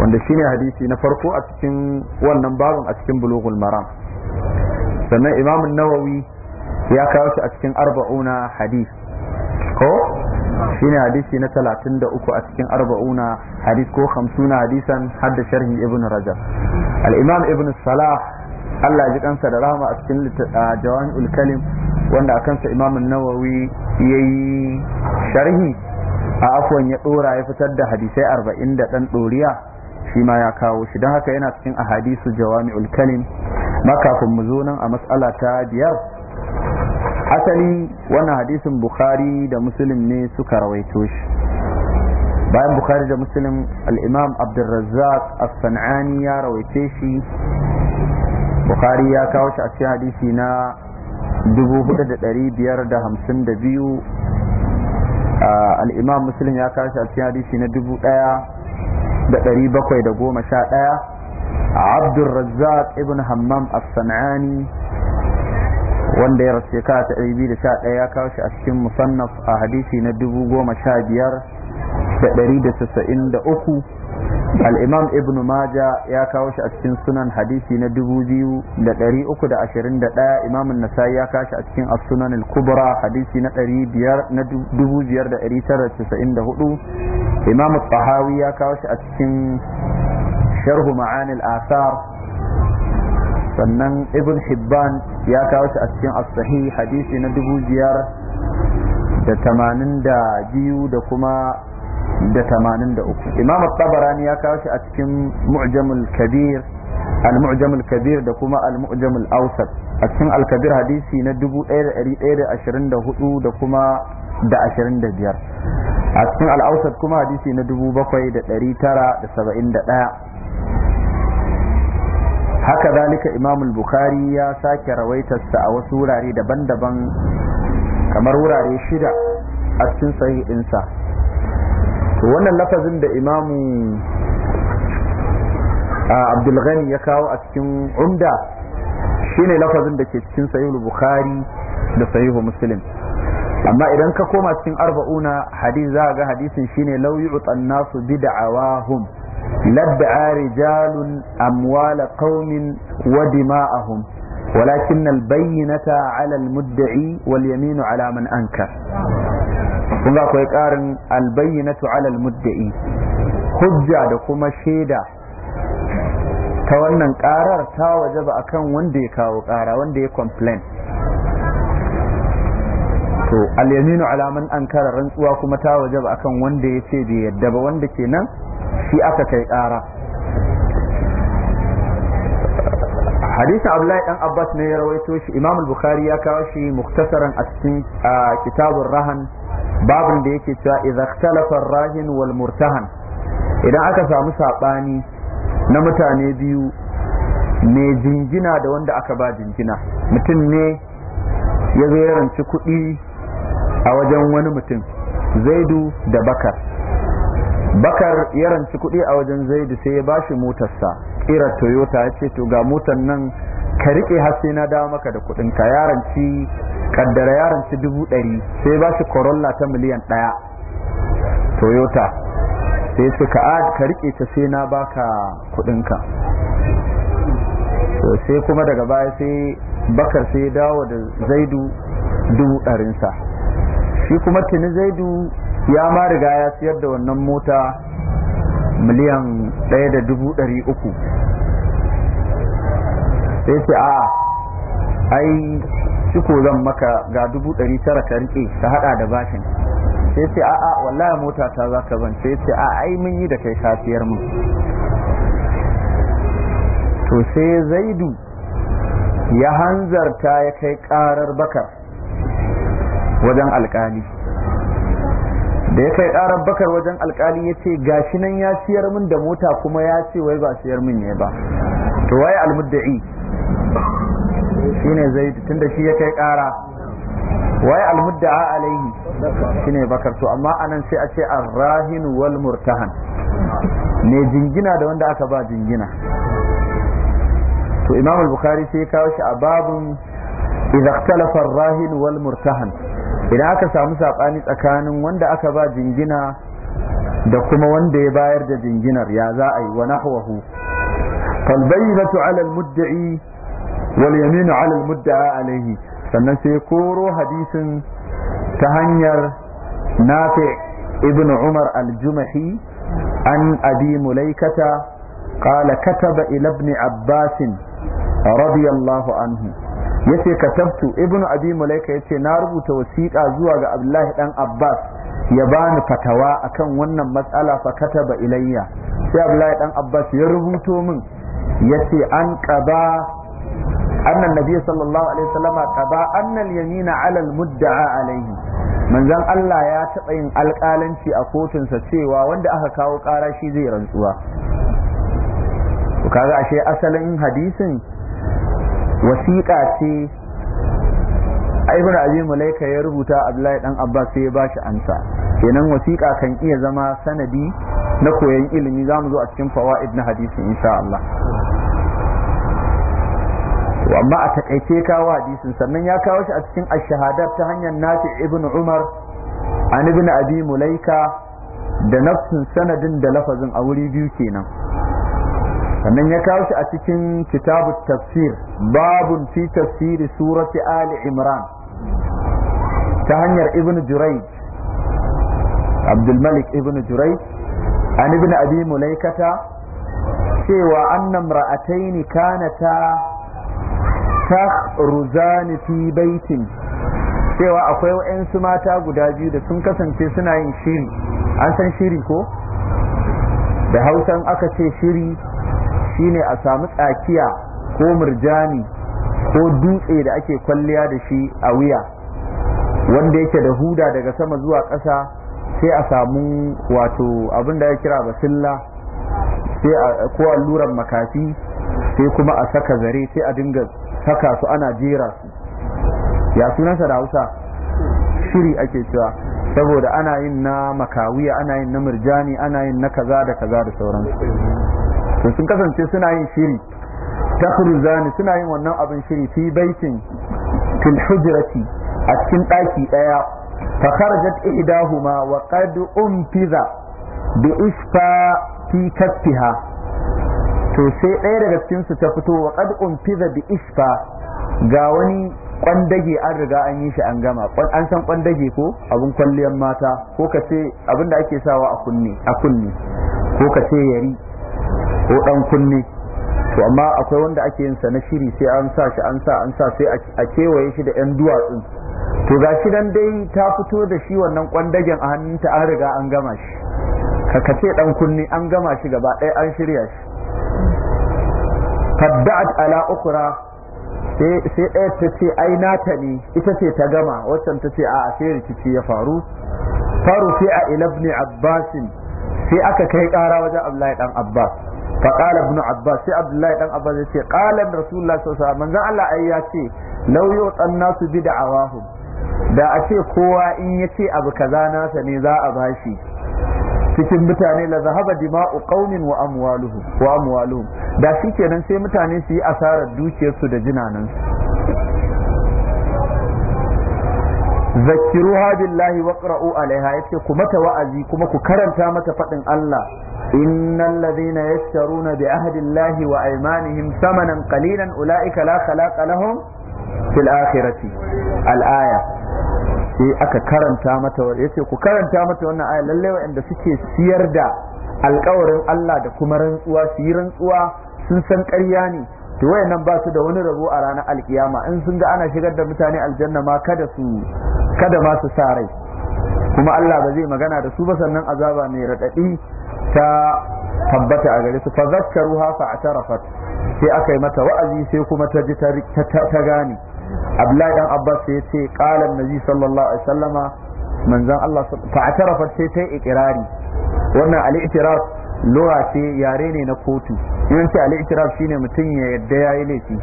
A: wanda shine hadisi na farko a cikin wannan babun a cikin bulughul maram sannan imam nawawi ya kawo shi a cikin arba'una hadisi ko shine hadisi na talatin da uku a cikin arba'una hadis ko hamsuna hadisan hadda sharhi ibn rajab al-imam ibn salah Allah ji kansa da rahama a cikin jawami'ul kalim wanda a kansa imam nawawi ya yi sharhi a afwan ya dora ya fitar da hadisai arba'in da dan doriya shi ma ya kawo shi don haka yana cikin ahadisu jawami'ul kalim makafin mu zo nan a mas'ala ta biyar asali wannan hadisin bukhari da muslim ne suka rawaito shi bayan bukhari da muslim al-imam abdulrazzaq as-san'ani ya rawaice shi bukhari ya kawo shi a cikin hadisi na 4552 al-imam muslim ya kawo shi a cikin hadisi na 1711 abdulrazzaq ibn hammam as-san'ani wanda ya rasu shekara ta ɗari biyu da sha ɗaya ya kawo shi a cikin musannaf a hadisi na dubu goma sha biyar da ɗari da casa'in da uku al'imam ibn maja ya kawo shi a cikin sunan hadisi na dubu biyu da ɗari uku da ashirin da ɗaya imamun nasai ya kawo shi a cikin sunan al-kubra hadisi na ɗari dubu biyar da ɗari tara casa'in da hudu imam tsahawi ya kawo shi a cikin sharhu ma'anil asar sannan ibn hibban ya kawo shi a cikin asahi hadisi na dubu biyar da tamanin da biyu da kuma da tamanin da uku imam tabarani ya kawo shi a cikin mu'jamul kabir al-mu'jamul kabir da kuma al-mu'jamul awsat a cikin al-kabir hadisi na dubu ɗaya da ɗari ɗaya da ashirin da hudu da kuma da ashirin da biyar a cikin al-awsat kuma hadisi na dubu bakwai da ɗari tara da saba'in da ɗaya haka zalika imam bukhari ya sake rawaitarsa a wasu wurare daban-daban kamar wurare shida a cikin sahih sa. to wannan lafazin da imamu abdulghani ya kawo a cikin umda shine lafazin da ke cikin sahihul bukhari da sahihu muslim amma idan ka koma cikin arba'una hadith za ga hadisin shine law yu'tan nasu bid'awahum لدعى رجال أموال قوم ودماءهم ولكن البينة على المدعي واليمين على من أنكر kun akwai ƙarin albayyinatu alal mudda'i hujja da kuma shaida ta wannan ƙarar ta wajaba akan wanda ya kawo ƙara wanda ya complain to alyaminu alaman an rantsuwa kuma ta wajaba akan wanda ya ce bai yadda ba wanda kenan shi aka kai ƙara hadisin abdullahi dan abbas ne ya rawaito shi imam bukhari ya kawo shi muktasaran a cikin kitabun rahan babin da yake cewa idza ikhtalafa rahin wal murtahan idan aka samu sabani na mutane biyu mai jingina da wanda aka ba jingina mutum ne ya zo ranci kuɗi a wajen wani mutum zaidu da bakar bakar ya ranci kuɗi a wajen zaidu sai ya bashi motarsa ƙira toyota ya ce to ga motar nan ka riƙe hasse na dawo maka da kuɗin ka yaranci kaddara yaranci dubu ɗari sai ya bashi corolla ta miliyan ɗaya toyota sai ya ce ka ka riƙe ta sai na baka kuɗin ka sai kuma daga baya sai bakar sai ya dawo da zaidu dubu ɗarinsa shi kuma tuni zaidu ya ma riga ya siyar da wannan mota miliyan ɗaya da dubu sai ce a ai ko zan maka ga dubu ɗari tara ka rike ka haɗa da bashin sai ce a a wallahi mota ta za ka ban sai ce a ai mun yi da kai kafiyar mu to sai zaidu ya hanzarta ya kai karar bakar wajen alƙali da ya kai karar bakar wajen alkali ya ce gashi nan ya siyar min da mota kuma ya ce wai ba siyar min ne ba to wai almudda'i shine zai tunda shi ya kai kara wai almudda'a alaihi shine bakar to amma anan sai a ce arrahin wal murtahan ne jingina da wanda aka ba jingina to imam al-bukhari sai ya kawo shi a babun idza ikhtalafa rahin wal murtahan idan aka samu saɓani tsakanin wanda aka ba jingina da kuma wanda ya bayar da jinginar ya za a yi wa nahwahu fal bayyinatu ala al-mudda'i wal yaminu ala muddaa sannan sai koro hadisin ta hanyar nafi ibn umar aljumahi an abi mulaikata قال كتب إلى ابن عباس رضي الله عنه yace katabtu ibnu abi ya yace na rubuta wasiƙa zuwa ga abdullahi dan abbas ya bani fatawa akan wannan matsala fa kataba ilayya sai abdullahi dan abbas ya rubuto min yace an qaba annan nabi sallallahu alaihi wasallama qaba annal yamina ala al mudda'a alaihi manzon Allah ya taɓa yin alƙalanci a kotunsa cewa wanda aka kawo ƙara shi zai rantsuwa kaga ashe asalin hadisin wasiƙa ce ibn abin mulaika ya rubuta abdullahi dan abbas sai ya bashi ansa kenan wasiƙa kan iya zama sanadi na koyon ilimi zamu zo a cikin fawaid na hadisi insha Allah amma a takaice kawo hadisin sannan ya kawo shi a cikin ashahadar ta hanyar nafi ibn umar an ibn abi mulaika da nafsin sanadin da lafazin a wuri biyu kenan sannan ya kawo shi a cikin kitabu tafsir babun fi tafsiri surati ali imran ta hanyar ibn abdul malik ibn jurai an ibn abi mulaikata cewa annam ra'ataini kanata takhruzani fi baitin cewa akwai wa'yansu mata guda biyu da sun kasance suna yin shiri an san shiri ko da hausan aka ce shiri shine a samu tsakiya ko murjani ko dutse da ake kwalliya da shi a wuya wanda yake da huda daga sama zuwa ƙasa sai a samu wato abin da ya kira basilla sai ko alluran makafi sai kuma a saka zare sai a dinga saka su ana jera su ya sunansa da hausa shiri ake cewa saboda ana yin na makawiya ana yin na murjani ana yin na kaza da kaza da sauransu sun sun kasance suna yin shiri ta takhruzani suna yin wannan abin shiri fi baitin fil hujrati a cikin daki daya fa kharajat ihdahuma wa qad umtiza bi ispa fi kaffiha to sai daya daga cikin su ta fito wa qad umtiza bi isfa ga wani kwandage an riga an yi shi an gama an san kwandage ko abin kwalliyar mata ko ka ce abin da ake sawa a kunne a kunne ko ka ce yari ko dan kunne to amma akwai wanda ake yin sa na shiri sai an sa shi an sa an sa sai a kewaye shi da yan duwatsu to gashi dan dai ta fito da shi wannan kwandagen a hannunta an riga an gama shi ka ce dan kunne an gama shi gaba ɗaya an shirya shi fadda'at ala ukra sai ɗaya ta ce ai nata ne ita ce ta gama waccan ta ce a sai rikici ya faru faru sai a ilabni abbasin sai aka kai ƙara wajen abdullahi dan abbas fa qala ibn abbas sai abdullahi dan abbas ya ce qala rasulullahi sallallahu alaihi wasallam manzon Allah ai ya ce law yu'tan nasu bid'awahum da a ce kowa in yace ce abu kaza nasa ne za a bashi cikin mutane la zahaba dima'u qaumin wa amwaluhum wa amwaluhum da shikenan sai mutane su yi asarar dukiyarsu da jinanan zakkiruha billahi waqra'u alaiha yace ku mata wa'azi kuma ku karanta mata fadin Allah إن الذين يشترون بعهد الله وأيمانهم ثمنا قليلا أولئك لا خلاق لهم في الآخرة الآية sai aka karanta mata ya ce ku karanta mata wannan aya lallai waɗanda suke siyar da alkawarin Allah da kuma rantsuwa su yi rantsuwa sun san ƙarya ne to wayannan ba su da wani rabo a ranar alkiyama in sun ga ana shigar da mutane aljanna ma kada su kada ma su sa rai kuma Allah ba magana da su ba sannan azaba mai raɗaɗi ta tabbata a gare su fa zakkaruha fa atarafat sai aka yi mata wa'azi sai kuma ta ji ta gane Abdullahi dan Abbas sai ce qala annabi sallallahu alaihi wasallama manzon Allah fa atarafat sai ta ikirari wannan al-i'tiraf lura ce yare ne na kotu in ce al-i'tiraf shine mutum ya yadda yayi laifi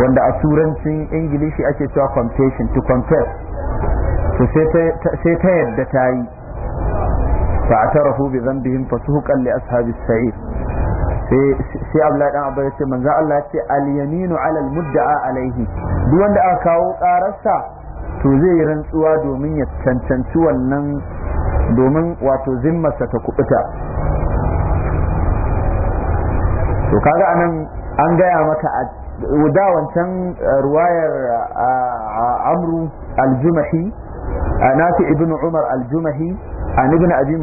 A: wanda a turancin ingilishi ake cewa confession to confess to sai ta yadda ta yi fa'atarafu bi dhanbihim fasuqan li ashabi as-sa'ir sai Abdullahi dan abai yace manzo Allah yace al-yaminu 'ala al-mudda'a alayhi duk wanda aka kawo qararsa to zai yi rantsuwa domin ya cancanci wannan domin wato zimmarsa ta kubuta to kaga anan an gaya maka da wancan ruwayar amru al-jumahi nafi ibnu umar al-jumahi an ibn abi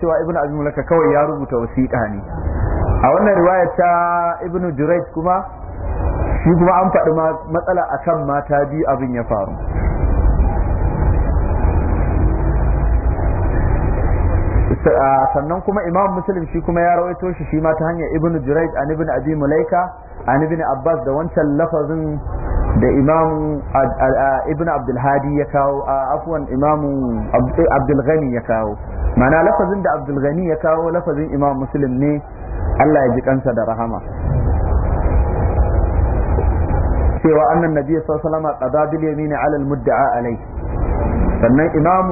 A: cewa ibn abi kawai ya rubuta wasiƙa ne a wannan riwaya ta ibn kuma shi kuma an faɗi matsala akan mata biyu abin ya faru sannan kuma imam muslim shi kuma ya rawaito shi shi ma ta hanyar ibn jurayj an ibn abi mulaika an ibn abbas da wancan lafazin da imam ibn abdulhadi ya kawo abdulghani ya kawo mana lafazin da abdulghani ya kawo lafazin imam muslim ne allah ya ji kansa da rahama cewa annan nabi sallallahu alaihi wasallam qada bil yamin ala al mudda'a alai sannan imam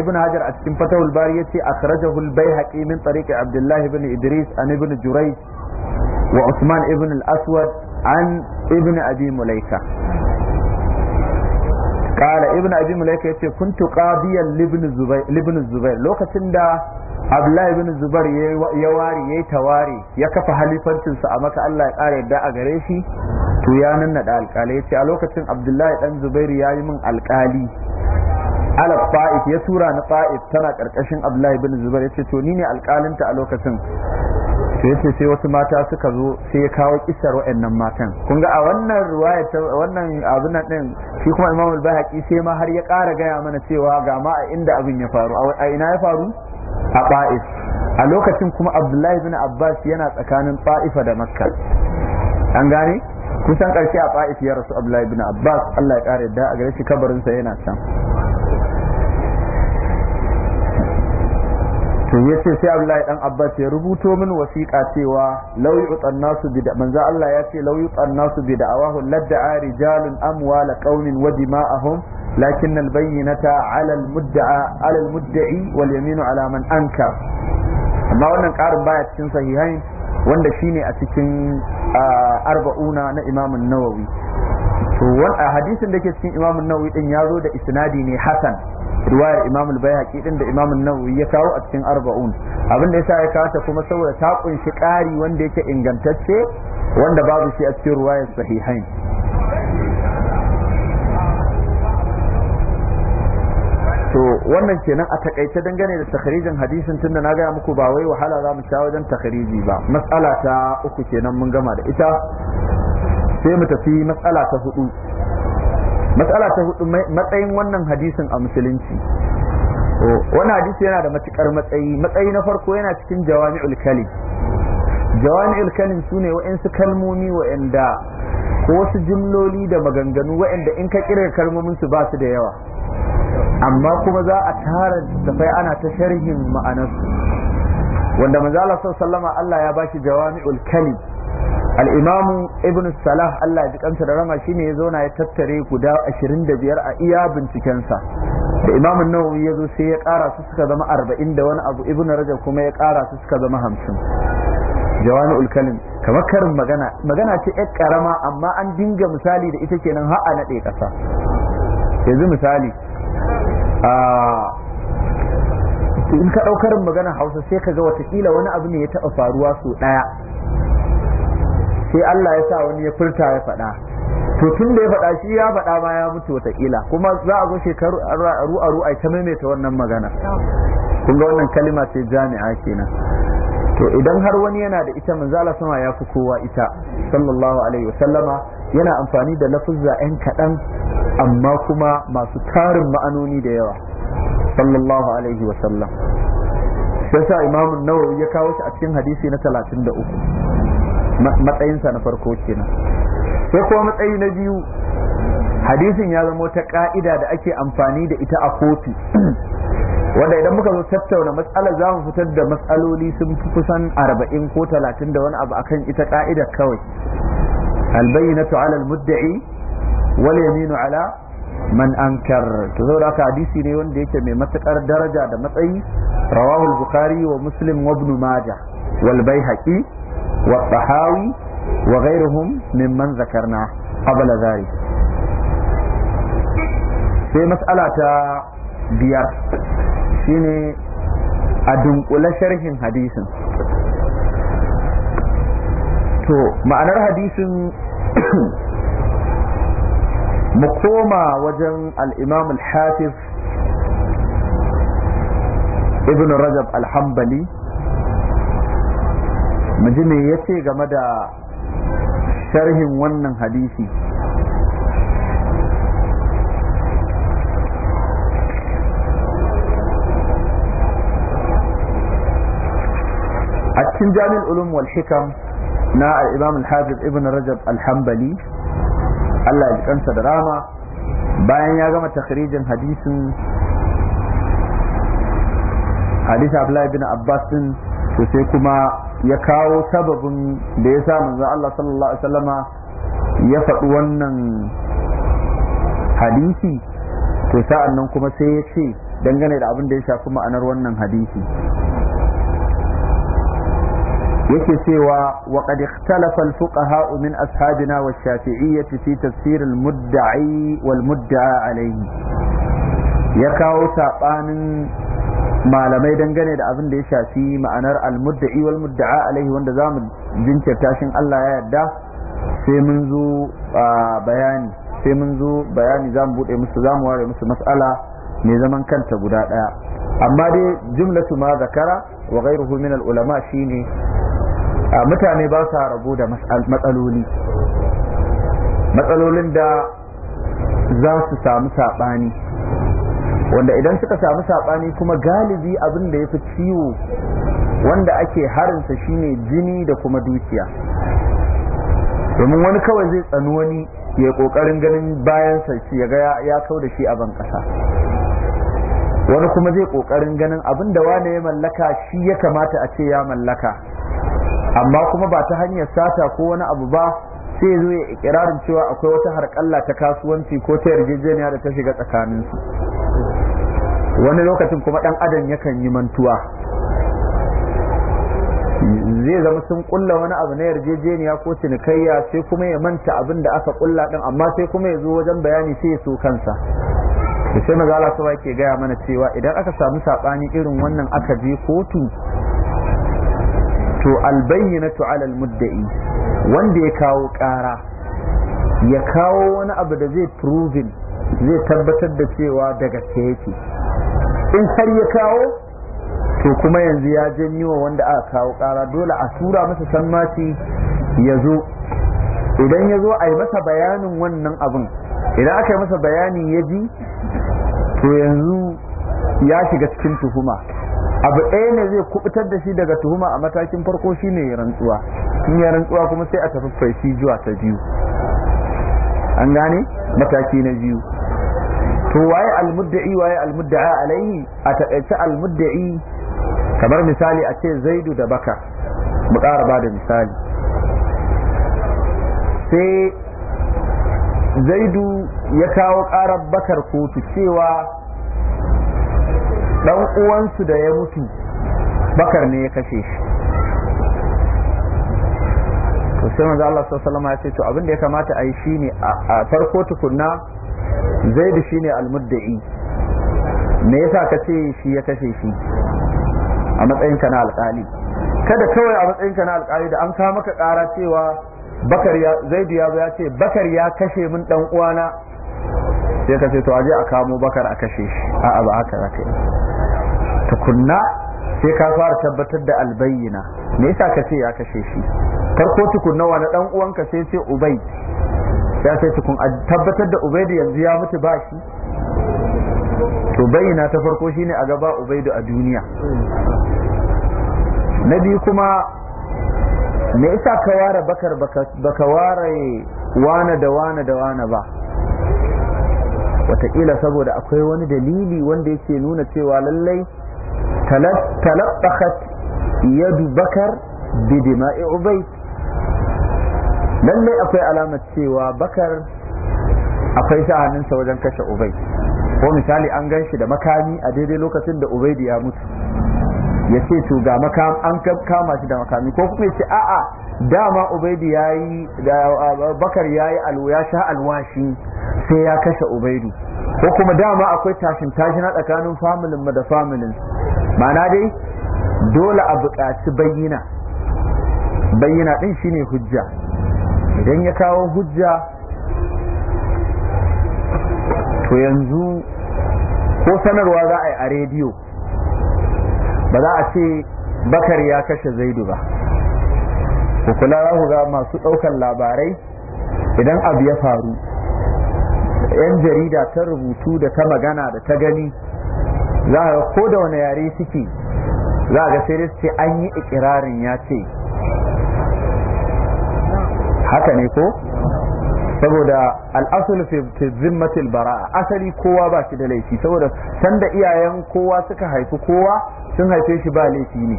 A: ibn hajar a cikin fatahul bari yace akhrajahu al bayhaqi min tariqi abdullah ibn idris an ibn jurayj wa usman ibn al aswad an ibn abi mulaika kala ibn abi mulaika yace kuntu qadiyan libn zubair lokacin da abdullahi ibn zubair ya ware ta tawari ya kafa halifancinsa a maka Allah ya kare yadda a gare shi to ya nannaɗa alƙalai yace a lokacin abdullahi dan zubair ya yi min alkali ala fa'id ya tura ni fa'id tana karkashin abdullahi ibn zubair yace to ni ne alkalinta a lokacin to yace sai wasu mata suka zo sai ya kawo kisar waɗannan matan kun ga a wannan ruwaya wannan abin din shi kuma Imam al bahaqi sai ma har ya ƙara gaya mana cewa ga ma a inda abin ya faru a ina ya faru a Ba'is a lokacin kuma Abdullahi bin Abbas yana tsakanin Ba'ifa da Makka an gane kusan ƙarshe a Ba'is ya rasu Abdullahi bin Abbas Allah ya ƙara yadda a gare shi kabarinsa yana can to ce sai Abdullahi dan Abbas ya rubuto min wasiƙa cewa law yu'tan manzo Allah ya ce law yu'tan nasu bi da'awahu ladda rijalun amwal qaumin wa dima'ahum lakin albayyinata 'ala al-mudda'a 'ala al-mudda'i wal yaminu 'ala man anka amma wannan ƙarin baya cikin sahihain wanda shine a cikin arba'una na imamun nawawi to a hadisin da ke cikin imamun nawawi din ya zo da isnadi ne hasan riwayar imamul bayhaqi din da imamun nau'i nawawi ya kawo a cikin arba'un abin da yasa ya kawo ta kuma saboda ta kunshi kari wanda yake ingantacce wanda babu shi a cikin riwayar sahihain to wannan kenan a takaice dangane da takharijin hadisin tunda na gaya muku ba wai wahala za mu sha wajen takhariji ba matsala ta uku kenan mun gama da ita sai mu tafi matsala ta hudu matsala ta hudu matsayin wannan hadisin a musulunci wannan hadisi yana da matukar matsayi matsayi na farko yana cikin jawami'ul kalim jawami'ul kalim sune wa'ansu kalmomi wa'anda ko wasu jimloli da maganganu wa'anda in ka kirga kalmomin su ba su da yawa amma kuma za a tara tafai ana ta sharhin ma'anarsu wanda manzala sallama Allah ya bashi jawami ulkali al'imamu ibn salah Allah ji kansa da rama shi ne ya zauna ya tattare guda 25 a iya bincikensa da imamun nawawi ya zo sai ya kara su suka zama 40 da wani abu ibn rajab kuma ya kara su suka zama 50 Jawami kalim kamar karin magana magana ce yar karama amma an dinga misali da ita kenan ha'a na ɗaya ƙasa. yanzu misali Ah. in ka ɗaukar magana hausa sai ka ga watakila wani abu ne ya taɓa faruwa sau ɗaya sai Allah ya sa wani ya furta ya faɗa to tun da ya faɗa shi ya faɗa ma ya mutu watakila kuma za a zo shekaru aru aru a ta maimaita wannan magana kun ga wannan kalima ce jami'a kenan to idan har wani yana da ita manzala sama ya fi kowa ita sallallahu alaihi wasallama yana amfani da lafuzza 'yan kaɗan amma kuma masu tarin ma'anoni da yawa sallallahu alaihi wasallam yasa imamun nawawi ya kawo shi a cikin hadisi na 33 matsayinsa na farko kenan sai kuma matsayi na biyu hadisin ya zama wata ka'ida da ake amfani da ita a kofi [CLEARS THROAT] wanda idan muka zo tattauna matsalar zamu fitar da matsaloli sun fi kusan arba'in ko talatin da wani abu akan ita ka'idar kawai albayyinatu ala almudda'i wal yaminu ala man ankar to saboda haka hadisi ne wanda yake mai matukar daraja da matsayi rawahu al-bukhari wa muslim wa maja majah wal baihaqi wa tahawi wa ghayrihum mimman zakarna qabla dhalik sai mas'ala ta biyar shine a dunkule sharhin hadisin to ma'anar hadisin [COUGHS] mu koma wajen al'imam al-hafiz ibn rajab al-hambali mu ji me ya game da sharhin wannan hadisi a cikin jami'ul ulum wal hikam na al-imam al-hafiz ibn rajab al-hanbali Allah ya kansa da rama bayan ya gama takhrijin hadisin hadisi Abdullah ibn Abbas din to sai kuma ya kawo sababin da ya sa manzon Allah sallallahu alaihi wasallama ya faɗi wannan hadisi to sa'an nan kuma sai ya ce dangane da abin da ya shafi ma'anar wannan hadisi yake cewa wa qad ikhtalafa al fuqaha min ashabina wa shafi'iyyah fi tafsir al mudda'i wal mudda'a alayhi ya kawo sabanin malamai dangane da abin da ya shafi ma'anar al mudda'i wal mudda'a alayhi wanda zamu jinkirta shin Allah ya yarda sai mun zo bayani sai mun zo bayani zamu bude musu zamu ware musu mas'ala mai zaman kanta guda daya amma dai jumlatu ma zakara wa ghayruhu min al ulama shine A mutane ba sa rabo da matsaloli matsalolin da za su samu saɓani wanda idan suka samu saɓani kuma galibi abin da ya fi ciwo wanda ake harinsa shine jini da kuma dukiya domin wani kawai zai tsani wani ya ƙoƙarin ganin bayan sarki ya ga ya kau da shi a ban wani kuma zai ƙoƙarin ganin abin da wane ya mallaka shi ya kamata a ce ya mallaka amma kuma ba ta hanyar sata ko wani abu ba sai zo ya ikirarin cewa akwai wata harƙalla ta kasuwanci ko ta yarjejeniya da ta shiga tsakaninsu wani lokacin kuma ɗan adam yakan yi mantuwa zai zama sun kulla wani abu na yarjejeniya ko cinikayya sai kuma ya manta abin da aka kulla din amma sai kuma ya zo wajen bayani sai ya so kansa da sai maza Allah ke gaya mana cewa idan aka samu saɓani irin wannan aka je kotu to albayyinatu ala almudda'i wanda ya kawo ƙara ya kawo wani abu da zai proving zai tabbatar da cewa daga gaske yake in har ya kawo to kuma yanzu ya janyo wa wanda aka kawo ƙara dole a tura masa sammaci ya zo idan ya zo a yi masa bayanin wannan abun idan aka yi masa bayani ya ji to yanzu ya shiga cikin tuhuma abu ɗaya ne zai kubutar da shi daga tuhuma a matakin farko Shi ne ya rantsuwa in ya rantsuwa kuma sai a tafi shi zuwa ta biyu an gane mataki na biyu to waye almudda'i waye almudda'a alaihi a taƙaice almudda'i kamar misali a ce zaidu da bakar mu ƙara ba da misali sai zaidu ya kawo ƙarar bakar kotu cewa dan uwansu da ya mutu bakar ne ya kashe shi to sai manzo Allah sallallahu alaihi ya ce to abin da ya kamata a yi shine a farko tukunna zaidu shine almudda'i me yasa ka ce shi ya kashe shi a matsayin ka na alƙali kada kawai a matsayin ka na alƙali da an ka maka ƙara cewa bakar ya zaidu ya zo ya ce bakar ya kashe min dan uwana sai ka ce to aje a kamo bakar a kashe shi a'a ba haka za ka yi tukunna sai ka fara tabbatar da Albayina, me yasa ka ce ya kashe shi farko tukunna wani dan uwanka sai ce ubay ya sai tukun a tabbatar da ubai yanzu ya mutu ba shi to bayyana ta farko shine a gaba ubai a duniya na biyu kuma me yasa ka ware bakar baka ware wane da wane da wane ba wataƙila saboda akwai wani dalili wanda yake nuna cewa lallai talabbakat yadu bakar bidima'i ubai lallai akwai alamar cewa bakar akwai sha'aninsa wajen kashe ubai ko misali an gan shi da makami a daidai lokacin da ubaidi ya mutu ya ce to ga makam an kama shi da makami ko kuma ya ce a'a dama ubaidu yayi bakar yayi yi ya sha alwashi sai ya kashe ubaidu ko kuma dama akwai tashin tashina tsakanin familin mu da familin mana dai dole a buƙaci bayyana bayyana din shine hujja idan ya kawo hujja to yanzu ko sanarwa za a yi a rediyo ba za a ce bakar ya kashe zaidu ba ku kula za ku ga masu ɗaukan labarai idan abu ya faru yan jarida ta rubutu da ta magana da ta gani za a ko da wani yare suke za a ga sai ce an yi ikirarin ya ce haka ne ko saboda al'asul fi zimmatil bara'a asali kowa ba shi da laifi saboda sanda iyayen kowa suka haifi kowa sun haife shi ba laifi ne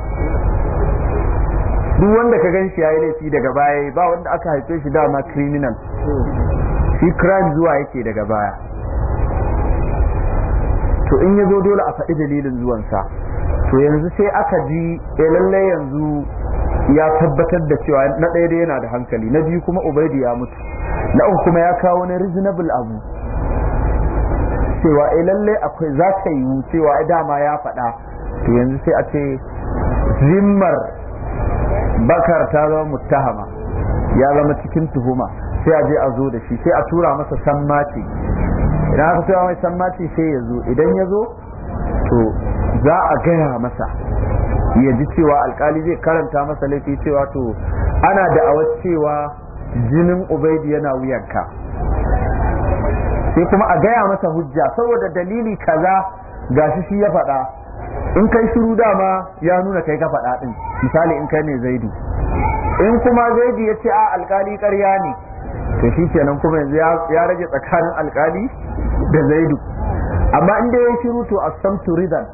A: duk wanda ka gan shi yayi laifi daga baya ba wanda aka haife shi dama criminal shi crime zuwa yake daga baya to in ya zo dole a faɗi dalilin zuwansa to yanzu sai aka ji ya eh, lallai yanzu ya tabbatar da cewa na ɗaya da yana da hankali na biyu kuma ubaidu ya mutu na uku kuma ya kawo wani reasonable abu cewa eh lalle akwai za ta yi cewa dama ya faɗa to yanzu sai a ce zimmar bakar ta zama muttahama ya zama cikin tuhuma sai a je a zo da shi sai a tura masa sammaci idan aka tura mai sammaci sai ya zo idan ya zo to za a gaya masa ya ji cewa alkali zai karanta masa laifi cewa to ana da cewa jinin ubaidi yana wuyanka sai kuma a gaya masa hujja saboda dalili kaza ga shi shi ya faɗa in kai shiru dama ya nuna kai ka faɗa ɗin misali in kai ne zaidu in kuma zaidu ya ce a alkali ƙarya ne to shi kenan kuma yanzu ya rage tsakanin alkali da zaidu amma in dai ya shiru to a samtu ridan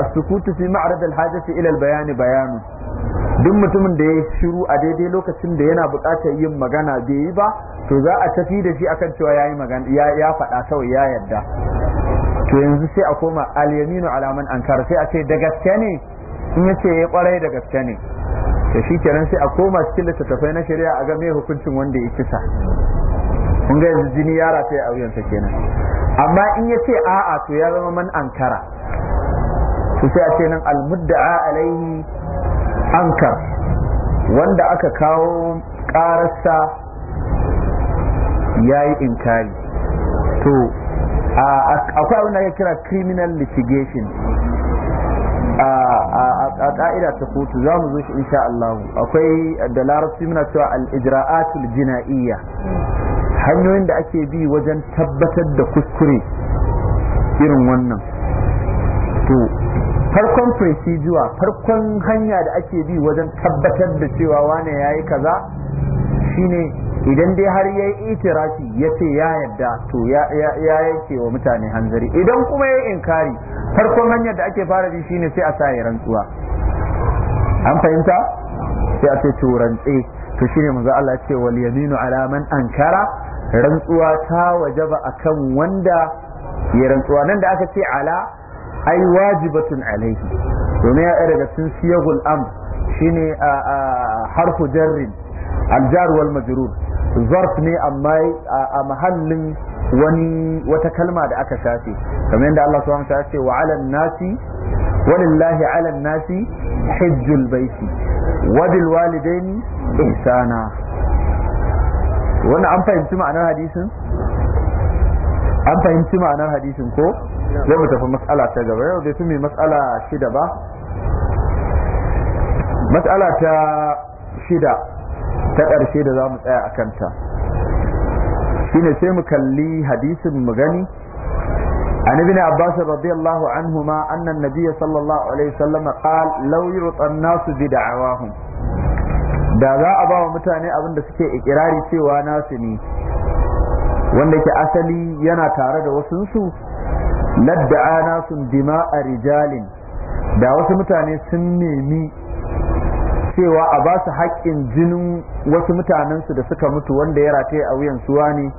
A: السكوت sukutu fi الحاجة إلى البيان ila bayanu duk mutumin da ya shiru a daidai lokacin da yana buƙatar yin magana bai yi ba to za a tafi da shi akan cewa yayi magana ya faɗa kawai ya yadda to yanzu sai a koma al-yaminu ala man ankara sai a ce da gaske ne in yace ya kware eh, da gaske ne da shi kenan sai a koma cikin littattafai na shari'a a ga me hukuncin wanda ya kisa kun ga yanzu jini yara sai a wuyansa kenan amma in ya ce a'a to ya zama man ankara Ku sai a ce nan almudda'a alaihi ankar wanda aka kawo ƙararsa ya yi inkari to akwai abin da kira criminal litigation a ka'ida ta kotu za mu zo shi insha Allah akwai da larabci muna cewa al-ijra'atul jina'iyya hanyoyin da ake bi wajen tabbatar da kuskure irin wannan to farkon procedure farkon hanya da ake bi wajen tabbatar da cewa wane ya yi kaza shine idan dai har ya yi itirafi ya ce ya yadda to ya yake wa mutane hanzari idan kuma ya yi inkari farkon hanyar da ake fara bi shine sai a sa ya rantsuwa an fahimta sai a ce to rantse to shine manzo Allah ce wal yaminu ala man ankara rantsuwa ta wajaba akan wanda ya rantsuwa nan da aka ce ala ai wajibatun alaihi domin ya daga cikin siyagul am shine harfu jarrin aljar wal majrur zarf ne amma a mahallin wani wata kalma da aka shafe kamar yadda Allah subhanahu wa ce wa ala nasi walillahi ala nasi hajjul baiti wa bil walidaini ihsana wannan an fahimci ma'anar hadisin an fahimci ma'anar hadisin ko zai mu tafi matsala ta gaba yau dai tumi matsala shida ba matsala ta shida ta ƙarshe da za mu tsaya a kanta shine sai mu kalli hadisin mu gani عن ابن عباس رضي الله عنهما أن na biya sallallahu alaihi وسلم قال lauyi يعطى nasu bi da za a ba wa mutane abin da suke ikirari cewa nasu ne wanda ke asali yana tare da wasunsu sun dima a rijalin da wasu mutane sun nemi cewa a ba su haƙƙin jinin wasu mutanensu da suka mutu wanda ya rataye a wuyan suwa ne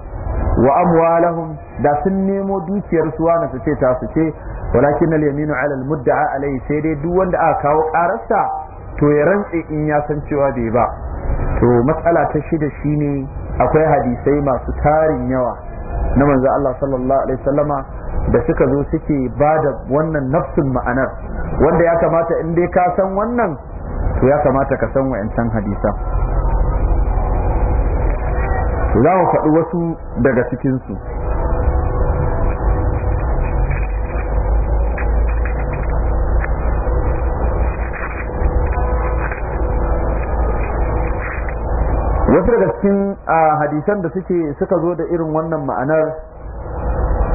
A: wa amwalahum da sun nemo dukiyar suwa na su ta su ce walakin al yaminu ala al mudda'a sai dai duk wanda aka kawo ƙararsa to ya rantse in ya san cewa bai ba to matsala ta shida shine akwai hadisai masu tarin yawa na manzo Allah sallallahu alaihi wasallama da suka zo suke ba da wannan nafsin ma'anar wanda ya kamata in dai ka san wannan to ya kamata ka san wa'ancan hadisa za mu faɗi wasu daga cikinsu wasu daga cikin hadisan da suke suka zo da irin wannan ma'anar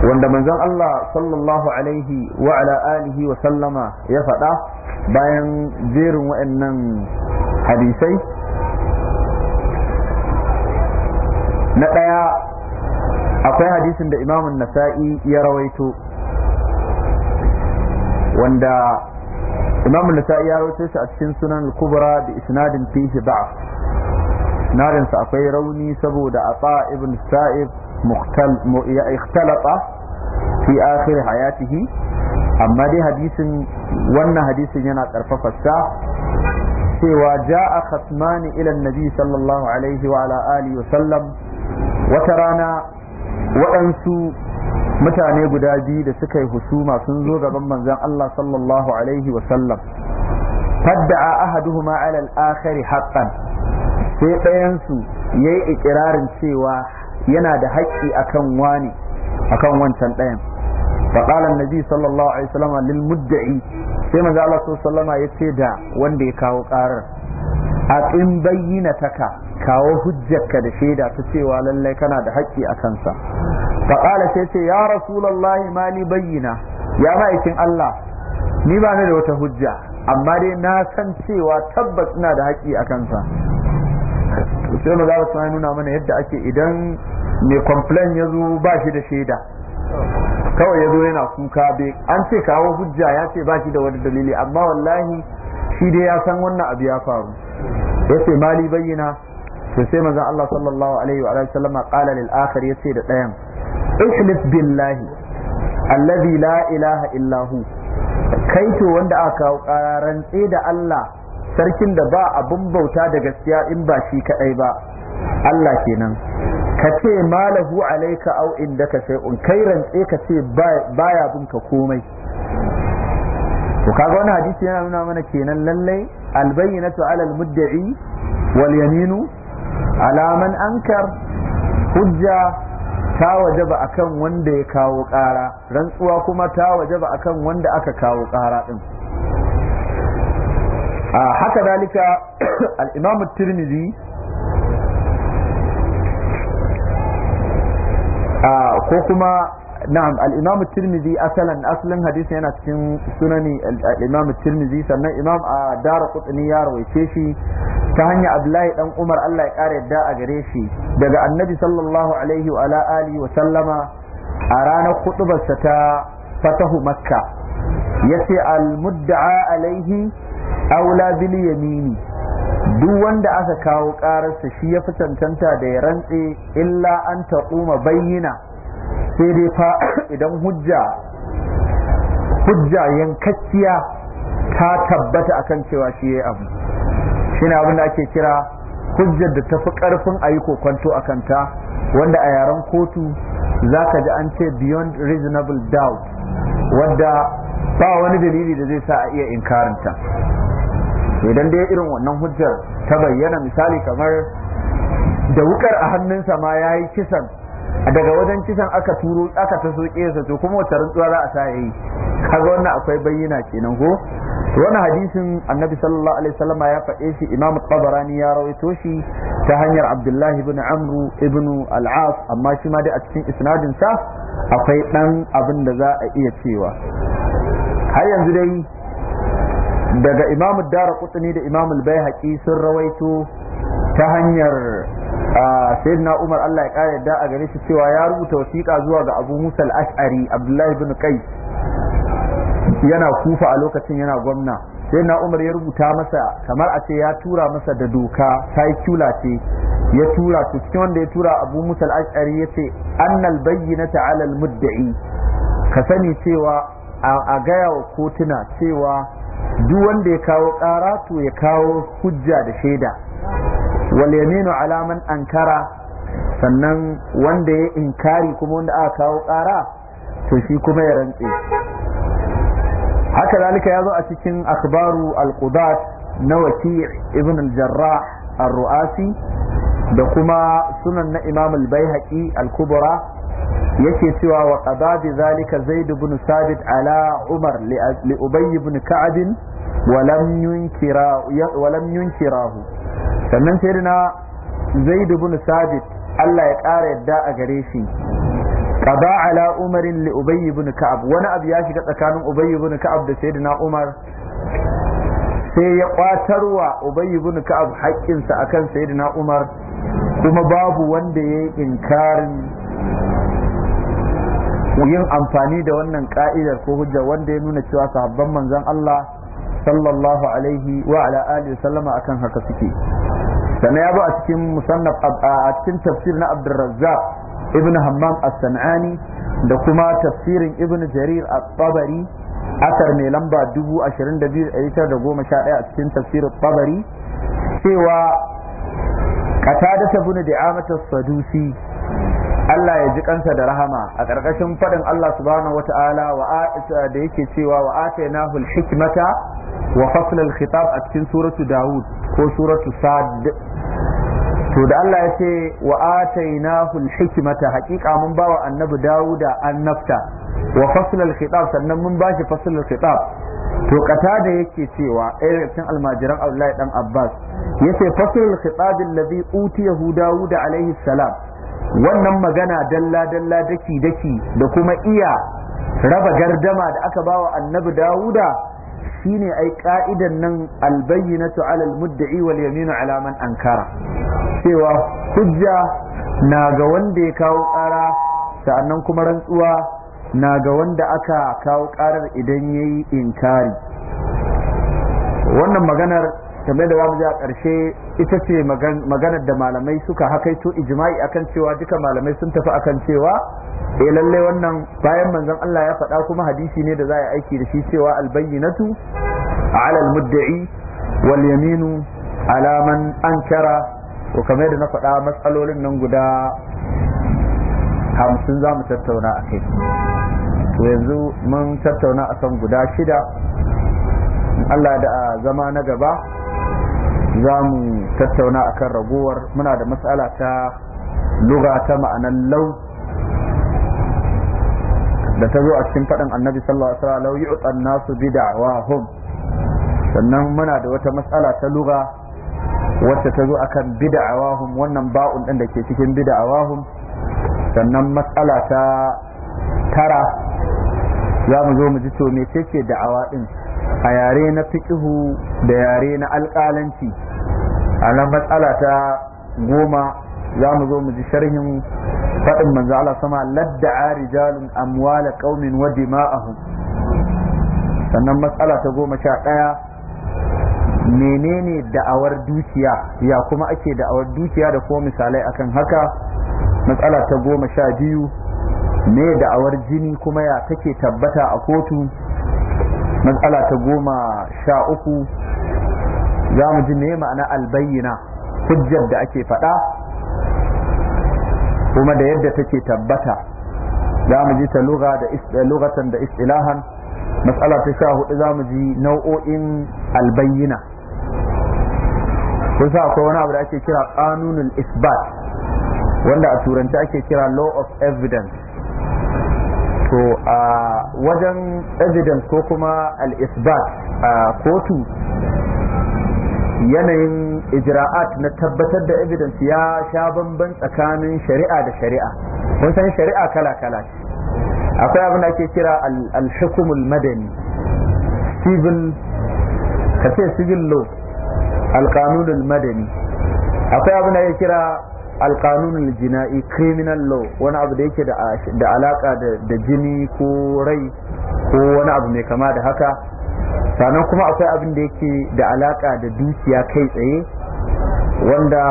A: wanda manzon Allah sallallahu alaihi wa alihi wa sallama ya faɗa bayan jerin waɗannan hadisai na ɗaya akwai hadisin da imamun nasa'i ya rawaito wanda imamun nasa'i ya rawaito shi a cikin sunan kubura kubra da isnadin fihi da'af isnadinsa akwai rauni saboda ata ibn sa'ib ya ikhtalata fi akhir hayatihi amma dai hadisin wannan hadisin yana karfafa sa cewa ja'a khatmani ila nabi sallallahu alaihi wa sallam wata rana waɗansu mutane guda biyu da suka yi husuma sun zo gaban manzon Allah sallallahu alaihi wa sallam fadda'a ahaduhuma ala al-akhir haqqan sai ɗayansu ya yi ikirarin cewa yana da haƙƙi akan wani akan wancan ɗayan na ji sallallahu alaihi wasallam lil mudda'i sai maza Allah sallama ya ce da wanda ya kawo ƙarar a in bayyana taka kawo hujjarka da shaida ta cewa lallai kana da haƙƙi a kansa faƙala sai ce ya rasulallahi ma ni bayyana ya ma'aikin Allah ni ba ni da wata hujja amma dai na san cewa tabbas ina da haƙƙi a kansa sai maza da nuna mana yadda ake idan mai complain ya zo ba shi da shaida kawai ya zo yana kuka be an ce kawo hujja ya ce ba shi da wani dalili amma wallahi shi dai ya san wannan abu ya faru ya ce mali bayyana to sai maza Allah sallallahu alaihi wa sallam qala lil akhar ya ce da ɗayan ihlif billahi alladhi la ilaha illa hu kai to wanda aka kawo kararantse da Allah sarkin da ba abun bauta da gaskiya in ba shi kadai ba Allah kenan ka ce malahu alaika au inda sai shay'un kai rantse ka ce baya bin ka komai to kaga wannan hadisi yana nuna mana kenan lallai albayyinatu ala almudda'i wal yaminu ala man ankar hujja ta wajaba akan wanda ya kawo ƙara rantsuwa kuma ta wajaba akan wanda aka kawo ƙara din haka dalika al tirmidhi ko kuma na'am al-imam tirmidhi asalan asalin hadisi yana cikin sunani al-imam tirmidhi sannan imam darqutni ya rawaice shi ta hanya abdullahi dan umar Allah ya kare yadda a gare shi daga annabi sallallahu alaihi wa ala alihi wa sallama a ranar hudubarsa ta fatahu makka yace al-mudda'a alaihi aula bil yamini duk wanda aka kawo ƙararsa shi ya fi cancanta da ya rantse illa an taƙuma bayyana sai dai fa [COUGHS] idan hujja hujja yankakkiya ta tabbata akan cewa shi ya abu shine abin da ake kira hujjar da tafi ƙarfin a yi kokonto a ta wanda a yaren kotu zaka ji an ce beyond reasonable doubt wadda ba wani dalili da zai sa a iya inkarinta idan dai irin wannan hujjar ta bayyana misali kamar da wukar a hannunsa ma ya yi kisan daga wajen kisan aka turo aka ta soke sa to kuma wata rantsuwa za a sa ya yi kaga wannan akwai bayyana kenan ko wani hadisin annabi sallallahu alaihi wasallam ya faɗe shi imam tabarani ya rawaito shi ta hanyar abdullahi ibn amru ibn al amma shi ma dai a cikin isnadin sa akwai dan abin da za a iya cewa har yanzu dai daga imamu dara kutsuni da imamu bai sun rawaito ta hanyar sayyidina umar allah ya kare da a gare shi cewa ya rubuta wasiƙa zuwa ga abu musa al-ash'ari abdullahi bin kai yana kufa a lokacin yana gwamna sayyidina umar ya rubuta masa kamar a ce ya tura masa da doka saikula ce ya tura su cikin wanda ya tura abu musa al-ash'ari ya ce annal bayyinata alal mudda'i ka sani cewa a gaya wa kotuna cewa duk wanda ya kawo ƙara to ya kawo hujja da shaida wal yaminu ala ankara sannan wanda ya inkari kuma wanda aka kawo ƙara to shi kuma ya rantse haka zalika ya zo a cikin akhbaru al na waki ibn al-jarrah ar-ru'asi da kuma sunan na imam al-baihaqi al-kubra yake cewa wa qada bi zalika zaid ibn sabit ala umar li ubay ibn ka'ab wa lam yunkira wa lam yunkirahu sannan sayyidina zaid ibn sabit Allah ya ƙara yadda a gare shi qada ala umar li ubay ibn ka'ab wani abu ya shiga tsakanin ubay ibn ka'ab da sayyidina umar sai ya kwatarwa ubay ibn ka'ab haƙƙinsa akan sayyidina umar kuma babu wanda ya yi inkarin yin amfani da wannan ka'idar ko hujja wanda ya nuna cewa sahabban manzon Allah sallallahu alaihi wa ala alihi sallama akan haka suke sannan ya ba a cikin musannaf a cikin tafsir na Abdurrazzaq ibn Hammam as-San'ani da kuma tafsirin ibn Jarir at-Tabari asar mai lamba 22,911 a cikin tafsirin tabari cewa katada ta bunu da amatar sadusi Allah ya ji kansa da rahama a ƙarƙashin faɗin Allah subhanahu wa ta'ala da yake cewa wa na hulhikimata wa faslal khitab a cikin suratu Dawud ko suratu Sad to da Allah ya ce wa na hulhikimata haƙiƙa mun bawa annabi Dawuda annabta wa faslal khitab sannan mun bashi faslal khitab to kata da yake cewa ɗaya almajiran Abdullahi ɗan Abbas yace faslal khitab alladhi utiyahu Dawud alaihi salam wannan magana dalla dalla daki daki da kuma iya raba gardama da aka ba wa annabi dawuda shine ai ka'idan nan albayyinatu ala almudda'i wal yaminu ala man ankara cewa hujja na ga wanda ya kawo ƙara sa'annan kuma rantsuwa na ga wanda aka kawo ƙarar idan yayi inkari wannan maganar kamar da zamu a ƙarshe ita ce maganar da malamai suka hakaito ijma'i akan cewa duka malamai sun tafi akan cewa eh lalle wannan bayan manzon Allah ya faɗa kuma hadisi ne da za a aiki da shi cewa albayyinatu ala almudda'i wal yaminu ala man ankara ko kamar da na faɗa matsalolin nan guda hamsin za mu tattauna a kai to yanzu mun tattauna a kan guda shida Allah da zama na gaba za mu tattauna a kan ragowar muna da matsala ta lura ta ma'anar lau da ta zo a cikin faɗin annabi sallallahu alaihi wasallam yu'tan nasu bid'awahum sannan muna da wata matsala ta lura wacce ta zo akan bid'awahum wannan ba'un din da ke cikin bid'awahum sannan matsala ta tara za mu zo mu ji to da da'awa din a yare na fiƙihu da yare na alƙalanci a nan matsala ta goma za mu zo mu ji sharhin faɗin manzo Allah sama ladda rijalun amwala qaumin wa dima'ahum sannan matsala ta goma sha ɗaya menene da'awar dukiya ya kuma ake da'awar dukiya da ko misalai akan haka matsala ta goma sha biyu me da'awar jini kuma ya take tabbata a kotu matsala ta goma sha uku za mu ji me ma'ana albayyana hujjar da ake faɗa kuma da yadda take tabbata za mu ji ta lugatan da istilahan matsala ta sha hudu za mu ji nau'o'in albayyana kusa akwai wani abu da ake kira ƙanunul isbat wanda a turanci ake kira law of evidence to a wajen evidence ko kuma al-isbat a kotu yanayin ijra'at na tabbatar da evidence ya sha bamban tsakanin shari'a da shari'a mun san shari'a kala-kala akwai abin da ake kira al-hukumul madani civil ka civil law al-qanunul madani akwai abin da ake kira alkanun jina'i criminal law wani abu da yake da alaka da jini ko rai ko wani abu mai kama da haka sannan kuma akwai abin da yake da alaƙa da dukiya kai tsaye wanda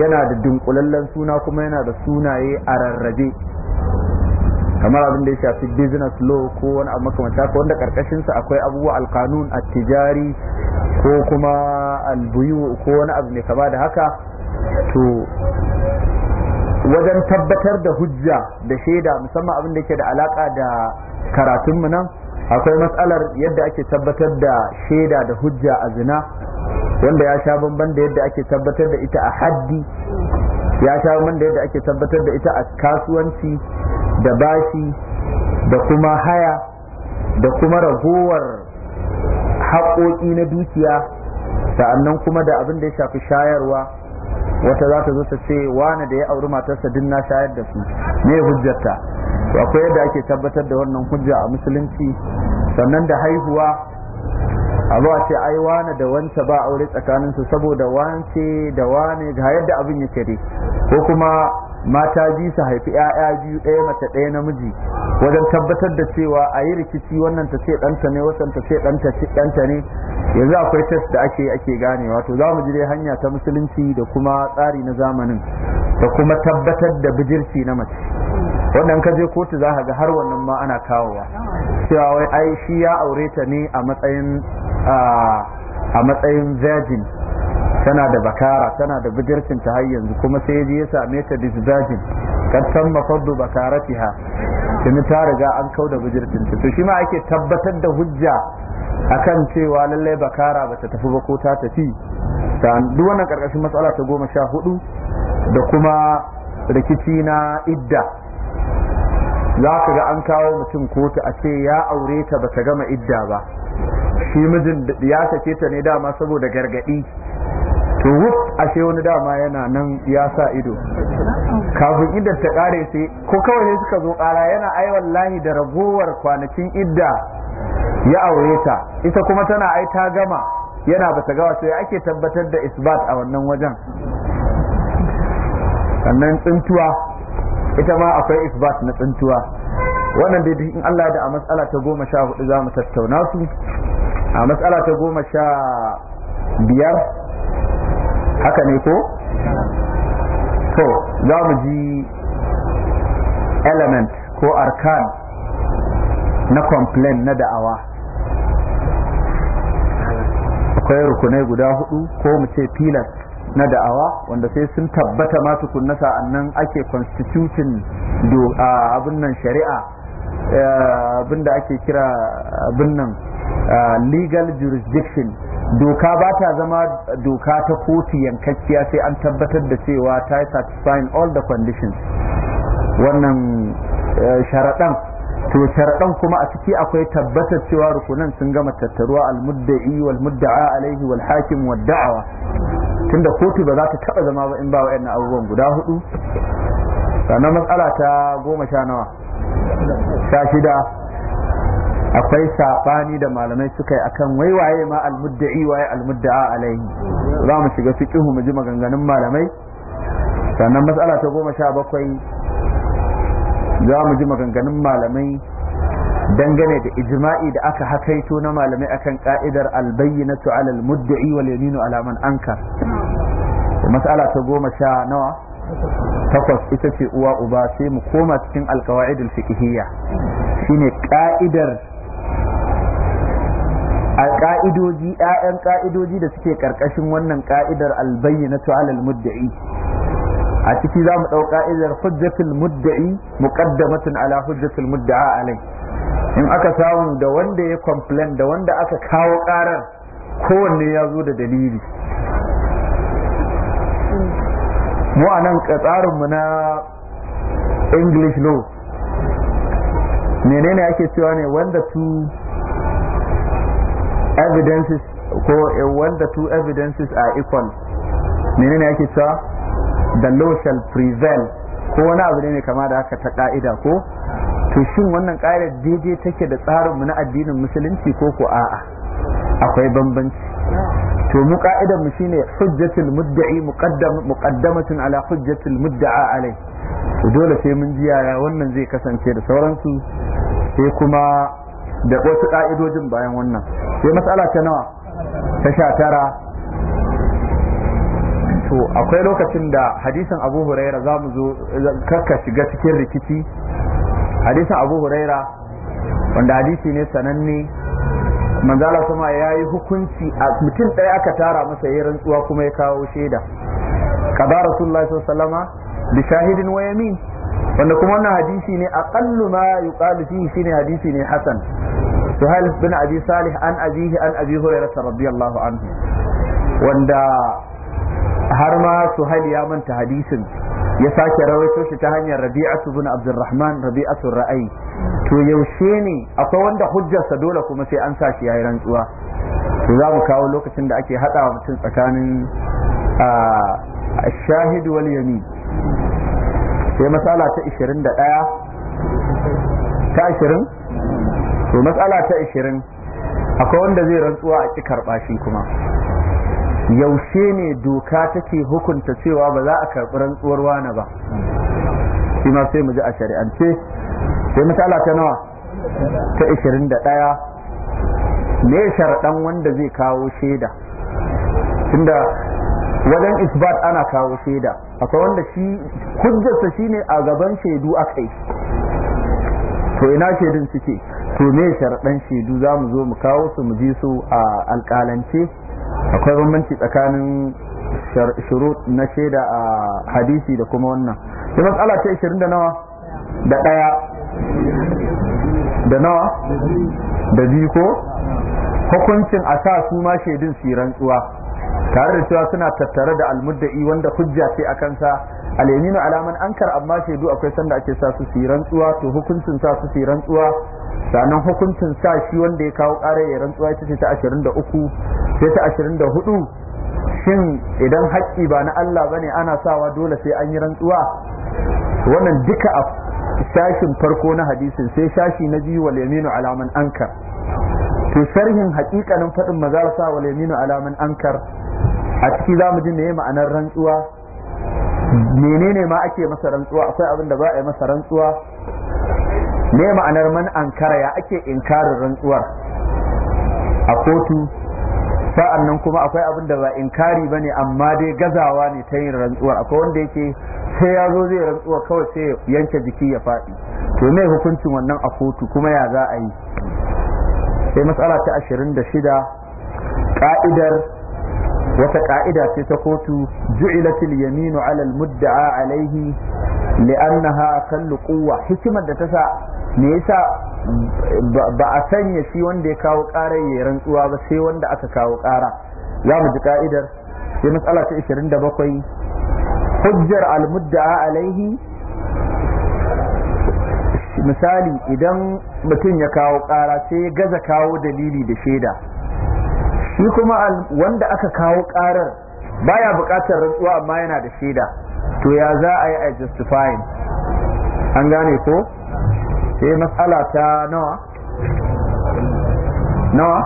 A: yana da dunkulallen suna kuma yana da sunaye a rarrabe kamar abin da ya shafi business law ko wani abu makamanta ko wanda karkashinsa akwai abubuwa alkanun attijari ko kuma albuyu ko wani abu mai kama da haka to wajen tabbatar da hujja da shaida musamman abin da ke da alaka da karatunmu nan akwai matsalar yadda ake tabbatar da shaida da hujja a zina wanda ya sha bamban da yadda ake tabbatar da ita a haddi ya sha bamban da yadda ake tabbatar da ita a kasuwanci da bashi da kuma haya da kuma ragowar haƙoƙi na dukiya sa'annan kuma da abin da ya shafi shayarwa wata za ta zo ta ce wani da ya auri matarsa din na shayar da su ne hujjarta to akwai yadda ake tabbatar da wannan hujja a musulunci sannan da haihuwa a zuwa ce ai wani da wanta ba aure tsakanin su saboda wance da wani ga yadda abin ya dai ko kuma mata biyu su haifi 'ya'ya biyu ɗaya mace ɗaya namiji wajen tabbatar da cewa a yi rikici wannan ta ce ɗanta ne wasan ta ce ɗanta ne yanzu akwai test da ake ake ganewa to za mu ji hanya ta musulunci da kuma tsari na zamanin da kuma tabbatar da bijirci na mace wannan ka je kotu za ka ga har wannan ma ana kawowa cewa wai ai shi ya aure ta ne a matsayin a matsayin virgin tana da bakara tana da bijircin ta har yanzu kuma sai je ya same ta disdajin kan san mafaddu bakaratiha tuni ta riga an kau da bijircin ta to shi ma ake tabbatar da hujja akan cewa lallai bakara ba ta tafi ba ko ta tafi ta duk wannan karkashin matsala ta goma sha hudu da kuma rikici na idda za ka ga an kawo mutum kotu a ce ya aure ta ba ta gama idda ba shi mijin ya sake ta ne dama saboda gargadi to wuf ashe wani dama yana nan ya sa ido kafin idan ta kare sai ko kawai ne suka zo kara yana ai wallahi da ragowar kwanakin idda ya aure ta ita kuma tana ai ta gama yana bata gawa sai ake tabbatar da isbat a wannan wajen sannan tsintuwa ita ma akwai isbat na tsintuwa wannan dai in Allah da a matsala ta goma sha hudu za mu tattauna su a matsala ta goma sha biyar haka ne ko to za mu ji element ko arkan na complain na da'awa akwai rukunai guda hudu ko mu ce pilas na da'awa wanda sai sun tabbata ma tukunna sa'annan ake constitution abin nan shari'a eh, abin da ake kira abin nan eh, legal jurisdiction doka ba ta zama doka ta kotu yankakkiya sai an tabbatar da cewa ta yi satisfying all the conditions wannan eh, sharaɗan to sharaɗan kuma a ciki akwai tabbatar cewa rukunan sun gama tattaruwa almudda'i wal mudda'a alaihi wal hakim wal da'awa tunda kotu ba za ta taba zama ba in ba wa'annan abubuwan guda hudu sannan matsala ta goma sha nawa sha shida akwai sabani da malamai suka yi akan wai waye ma almudda'i waye almudda'a alaihi za mu shiga fiqhu mu ji maganganun malamai sannan mas'ala ta goma sha bakwai za mu ji maganganun malamai dangane da ijma'i da aka hakaito na malamai akan ka'idar albayyinatu ala almudda'i wal yaminu ala man ankar mas'ala ta goma sha nawa takwas ita ce uwa uba sai mu koma cikin alkawaidul fiqhiyya shine ka'idar a ƙa'idoji ƴaƴan ƙa'idoji da suke ƙarƙashin wannan ƙa'idar albayyana ta alal mudda'i a ciki za mu ɗau ka'idar hujjatul mudda'i muqaddamatun ala hujjatul mudda'a alai in aka samu da wanda ya complain da wanda aka kawo ƙarar kowanne ya zo da dalili mu a nan mu na english law menene ake cewa ne wanda tu evidences ko eh, when the two evidences are equal menene ake cewa the law shall prevail ko wani abu ne kama da haka ta ka'ida ko to shin wannan ka'idar daidai take da tsarinmu na addinin musulunci ko ko a'a akwai bambanci to mu ka'idar mu shine hujjatul mudda'i muqaddamatun ala hujjatul mudda'a alai to dole sai mun ji yaya wannan zai kasance da sauransu sai kuma da wasu ƙa'idojin bayan wannan sai matsala ta nawa ta sha tara to akwai lokacin da hadisin abu huraira za mu zo karka shiga cikin rikici hadisin abu huraira wanda hadisi ne sananne manzala kuma ya yi hukunci a mutum ɗaya aka tara masa yi rantsuwa kuma ya kawo shaida kaza rasulullah sallama bi shahidin wa yamin wanda kuma wannan hadisi ne aqallu ma yuqalu fihi shine hadisi ne hasan suhail bin abi salih an abihi an abi hurairah radiyallahu anhu wanda har ma suhail ya manta hadisin ya sake rawaito shi ta hanyar rabi'atu bin abdurrahman rabi'atu ra'ayi to yaushe ne akwai wanda hujjarsa dole kuma sai an sa shi yi rantsuwa to za mu kawo lokacin da ake hada mutum tsakanin shahid wal yamin sai masala ta 21 ta ishirin. to matsala ta 20 akwai wanda zai rantsuwa a ƙi karba shi kuma yaushe ne doka take hukunta cewa ba za a karɓi rantsuwar wani ba shi ma sai mu ji a shari'ance sai matsala ta nawa ta 21 me sharaɗan wanda zai kawo shaida tunda wajen isbat ana kawo shaida akwai wanda shi hujjarsa shine a gaban shaidu aka yi to ina shaidun suke to me sharaɗan shaidu za mu zo mu kawo su mu ji su a alƙalance akwai bambanci tsakanin shurut na shaida a hadisi da kuma wannan da matsala ce 20 da nawa da ɗaya da nawa da biyu ko hukuncin a sa su ma shaidun su rantsuwa tare da cewa suna tattare da almudda'i wanda hujja ce a kansa alyaminu alaman ankar amma shaidu akwai sanda ake sa su su rantsuwa to hukuncin sa su su rantsuwa sannan hukuncin sa shi wanda ya kawo ƙara ya rantsuwa ita ce ta 23 sai ta 24 shin idan haƙƙi ba na Allah bane ana sawa dole sai an yi rantsuwa wannan duka a sashin farko na hadisin sai shashi na biyu wal yaminu alaman ankar to sharhin hakikanin faɗin mazal sa wal yaminu ala man ankar a ciki za mu ji me ma'anar rantsuwa menene ma ake masa rantsuwa akwai abin da za a yi masa rantsuwa me ma'anar man ankara ya ake inkarin rantsuwar a kotu sa'an nan kuma akwai abin da ba inkari ba ne amma dai gazawa ne ta yin rantsuwar akwai wanda yake sai ya zo zai rantsuwa kawai sai yanke jiki ya faɗi to me hukuncin wannan a kotu kuma ya za a yi sai matsala ta 26 ka'idar wata ka'ida ce ta kotu ju'ilatil yaminu ala mudda'a alaihi li'annaha aqallu quwwa hikimar da ta sa me yasa ba a sanya shi wanda ya kawo ƙara ya rantsuwa ba sai wanda aka kawo ƙara za mu ji ka'idar sai matsala ta 27 hujjar al mudda'a alaihi misali idan mutum ya kawo ƙara sai ya gaza kawo dalili da shaida shi kuma wanda aka kawo ƙarar baya buƙatar rantsuwa amma yana da shaida to ya za a yi a justifying an gane ko sai matsala ta nawa nawa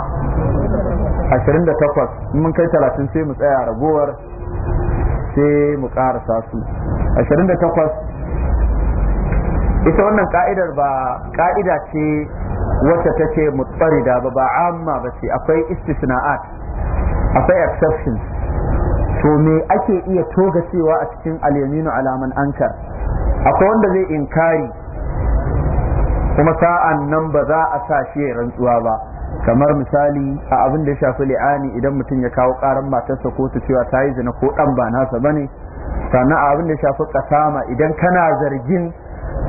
A: 28 mun kai 30 sai mu tsaya ragowar sai mu ƙarasa su 28 ita wannan ka'idar ba ka'ida ce wacce ta ce mutsarida ba ba amma ba ce akwai istisna'at akwai exceptions to me ake iya toga cewa a cikin alyaminu alaman ankar akwai wanda zai inkari kuma sa'an nan ba za a sa shi rantsuwa ba kamar misali a abin da ya shafi li'ani idan mutum ya kawo karan matarsa ko ta cewa ta yi zina ko dan ba nasa bane sannan a abin da ya shafi kasama idan kana zargin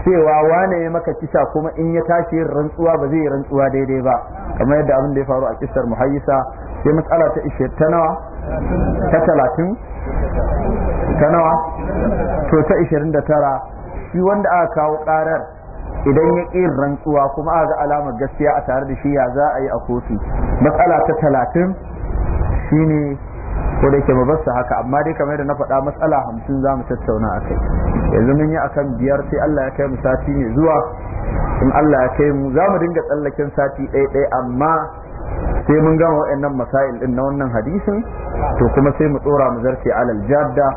A: cewa wane ya maka kisa kuma in ya tashi yin rantsuwa ba zai yi rantsuwa daidai ba kamar yadda abin da ya faru a kisar muhayyisa sai matsala ta ishe ta nawa ta talatin ta nawa to ta ishirin da tara shi wanda aka kawo karar idan ya ƙi rantsuwa kuma a ga alamar gaskiya a tare da shi ya za a yi a kofi matsala ta talatin shine ko da yake mabasta haka amma dai kamar da na faɗa matsala hamsin za mu tattauna a kai yanzu mun yi a kan biyar sai Allah ya kai mu sati ne zuwa in Allah ya kai mu za mu dinga tsallaken sati ɗaya ɗaya amma sai mun gama waɗannan masail ɗin na wannan hadisin to kuma sai mu tsora mu zarce alal jadda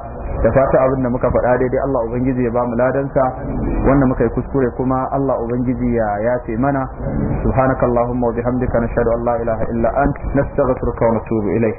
A: da fata abin da muka faɗa daidai Allah ubangiji ya ba mu ladansa wanda muka yi kuskure kuma Allah ubangiji ya yace mana subhanakallahumma wa bihamdika nashhadu an la ilaha illa ant nastaghfiruka wa natubu ilayk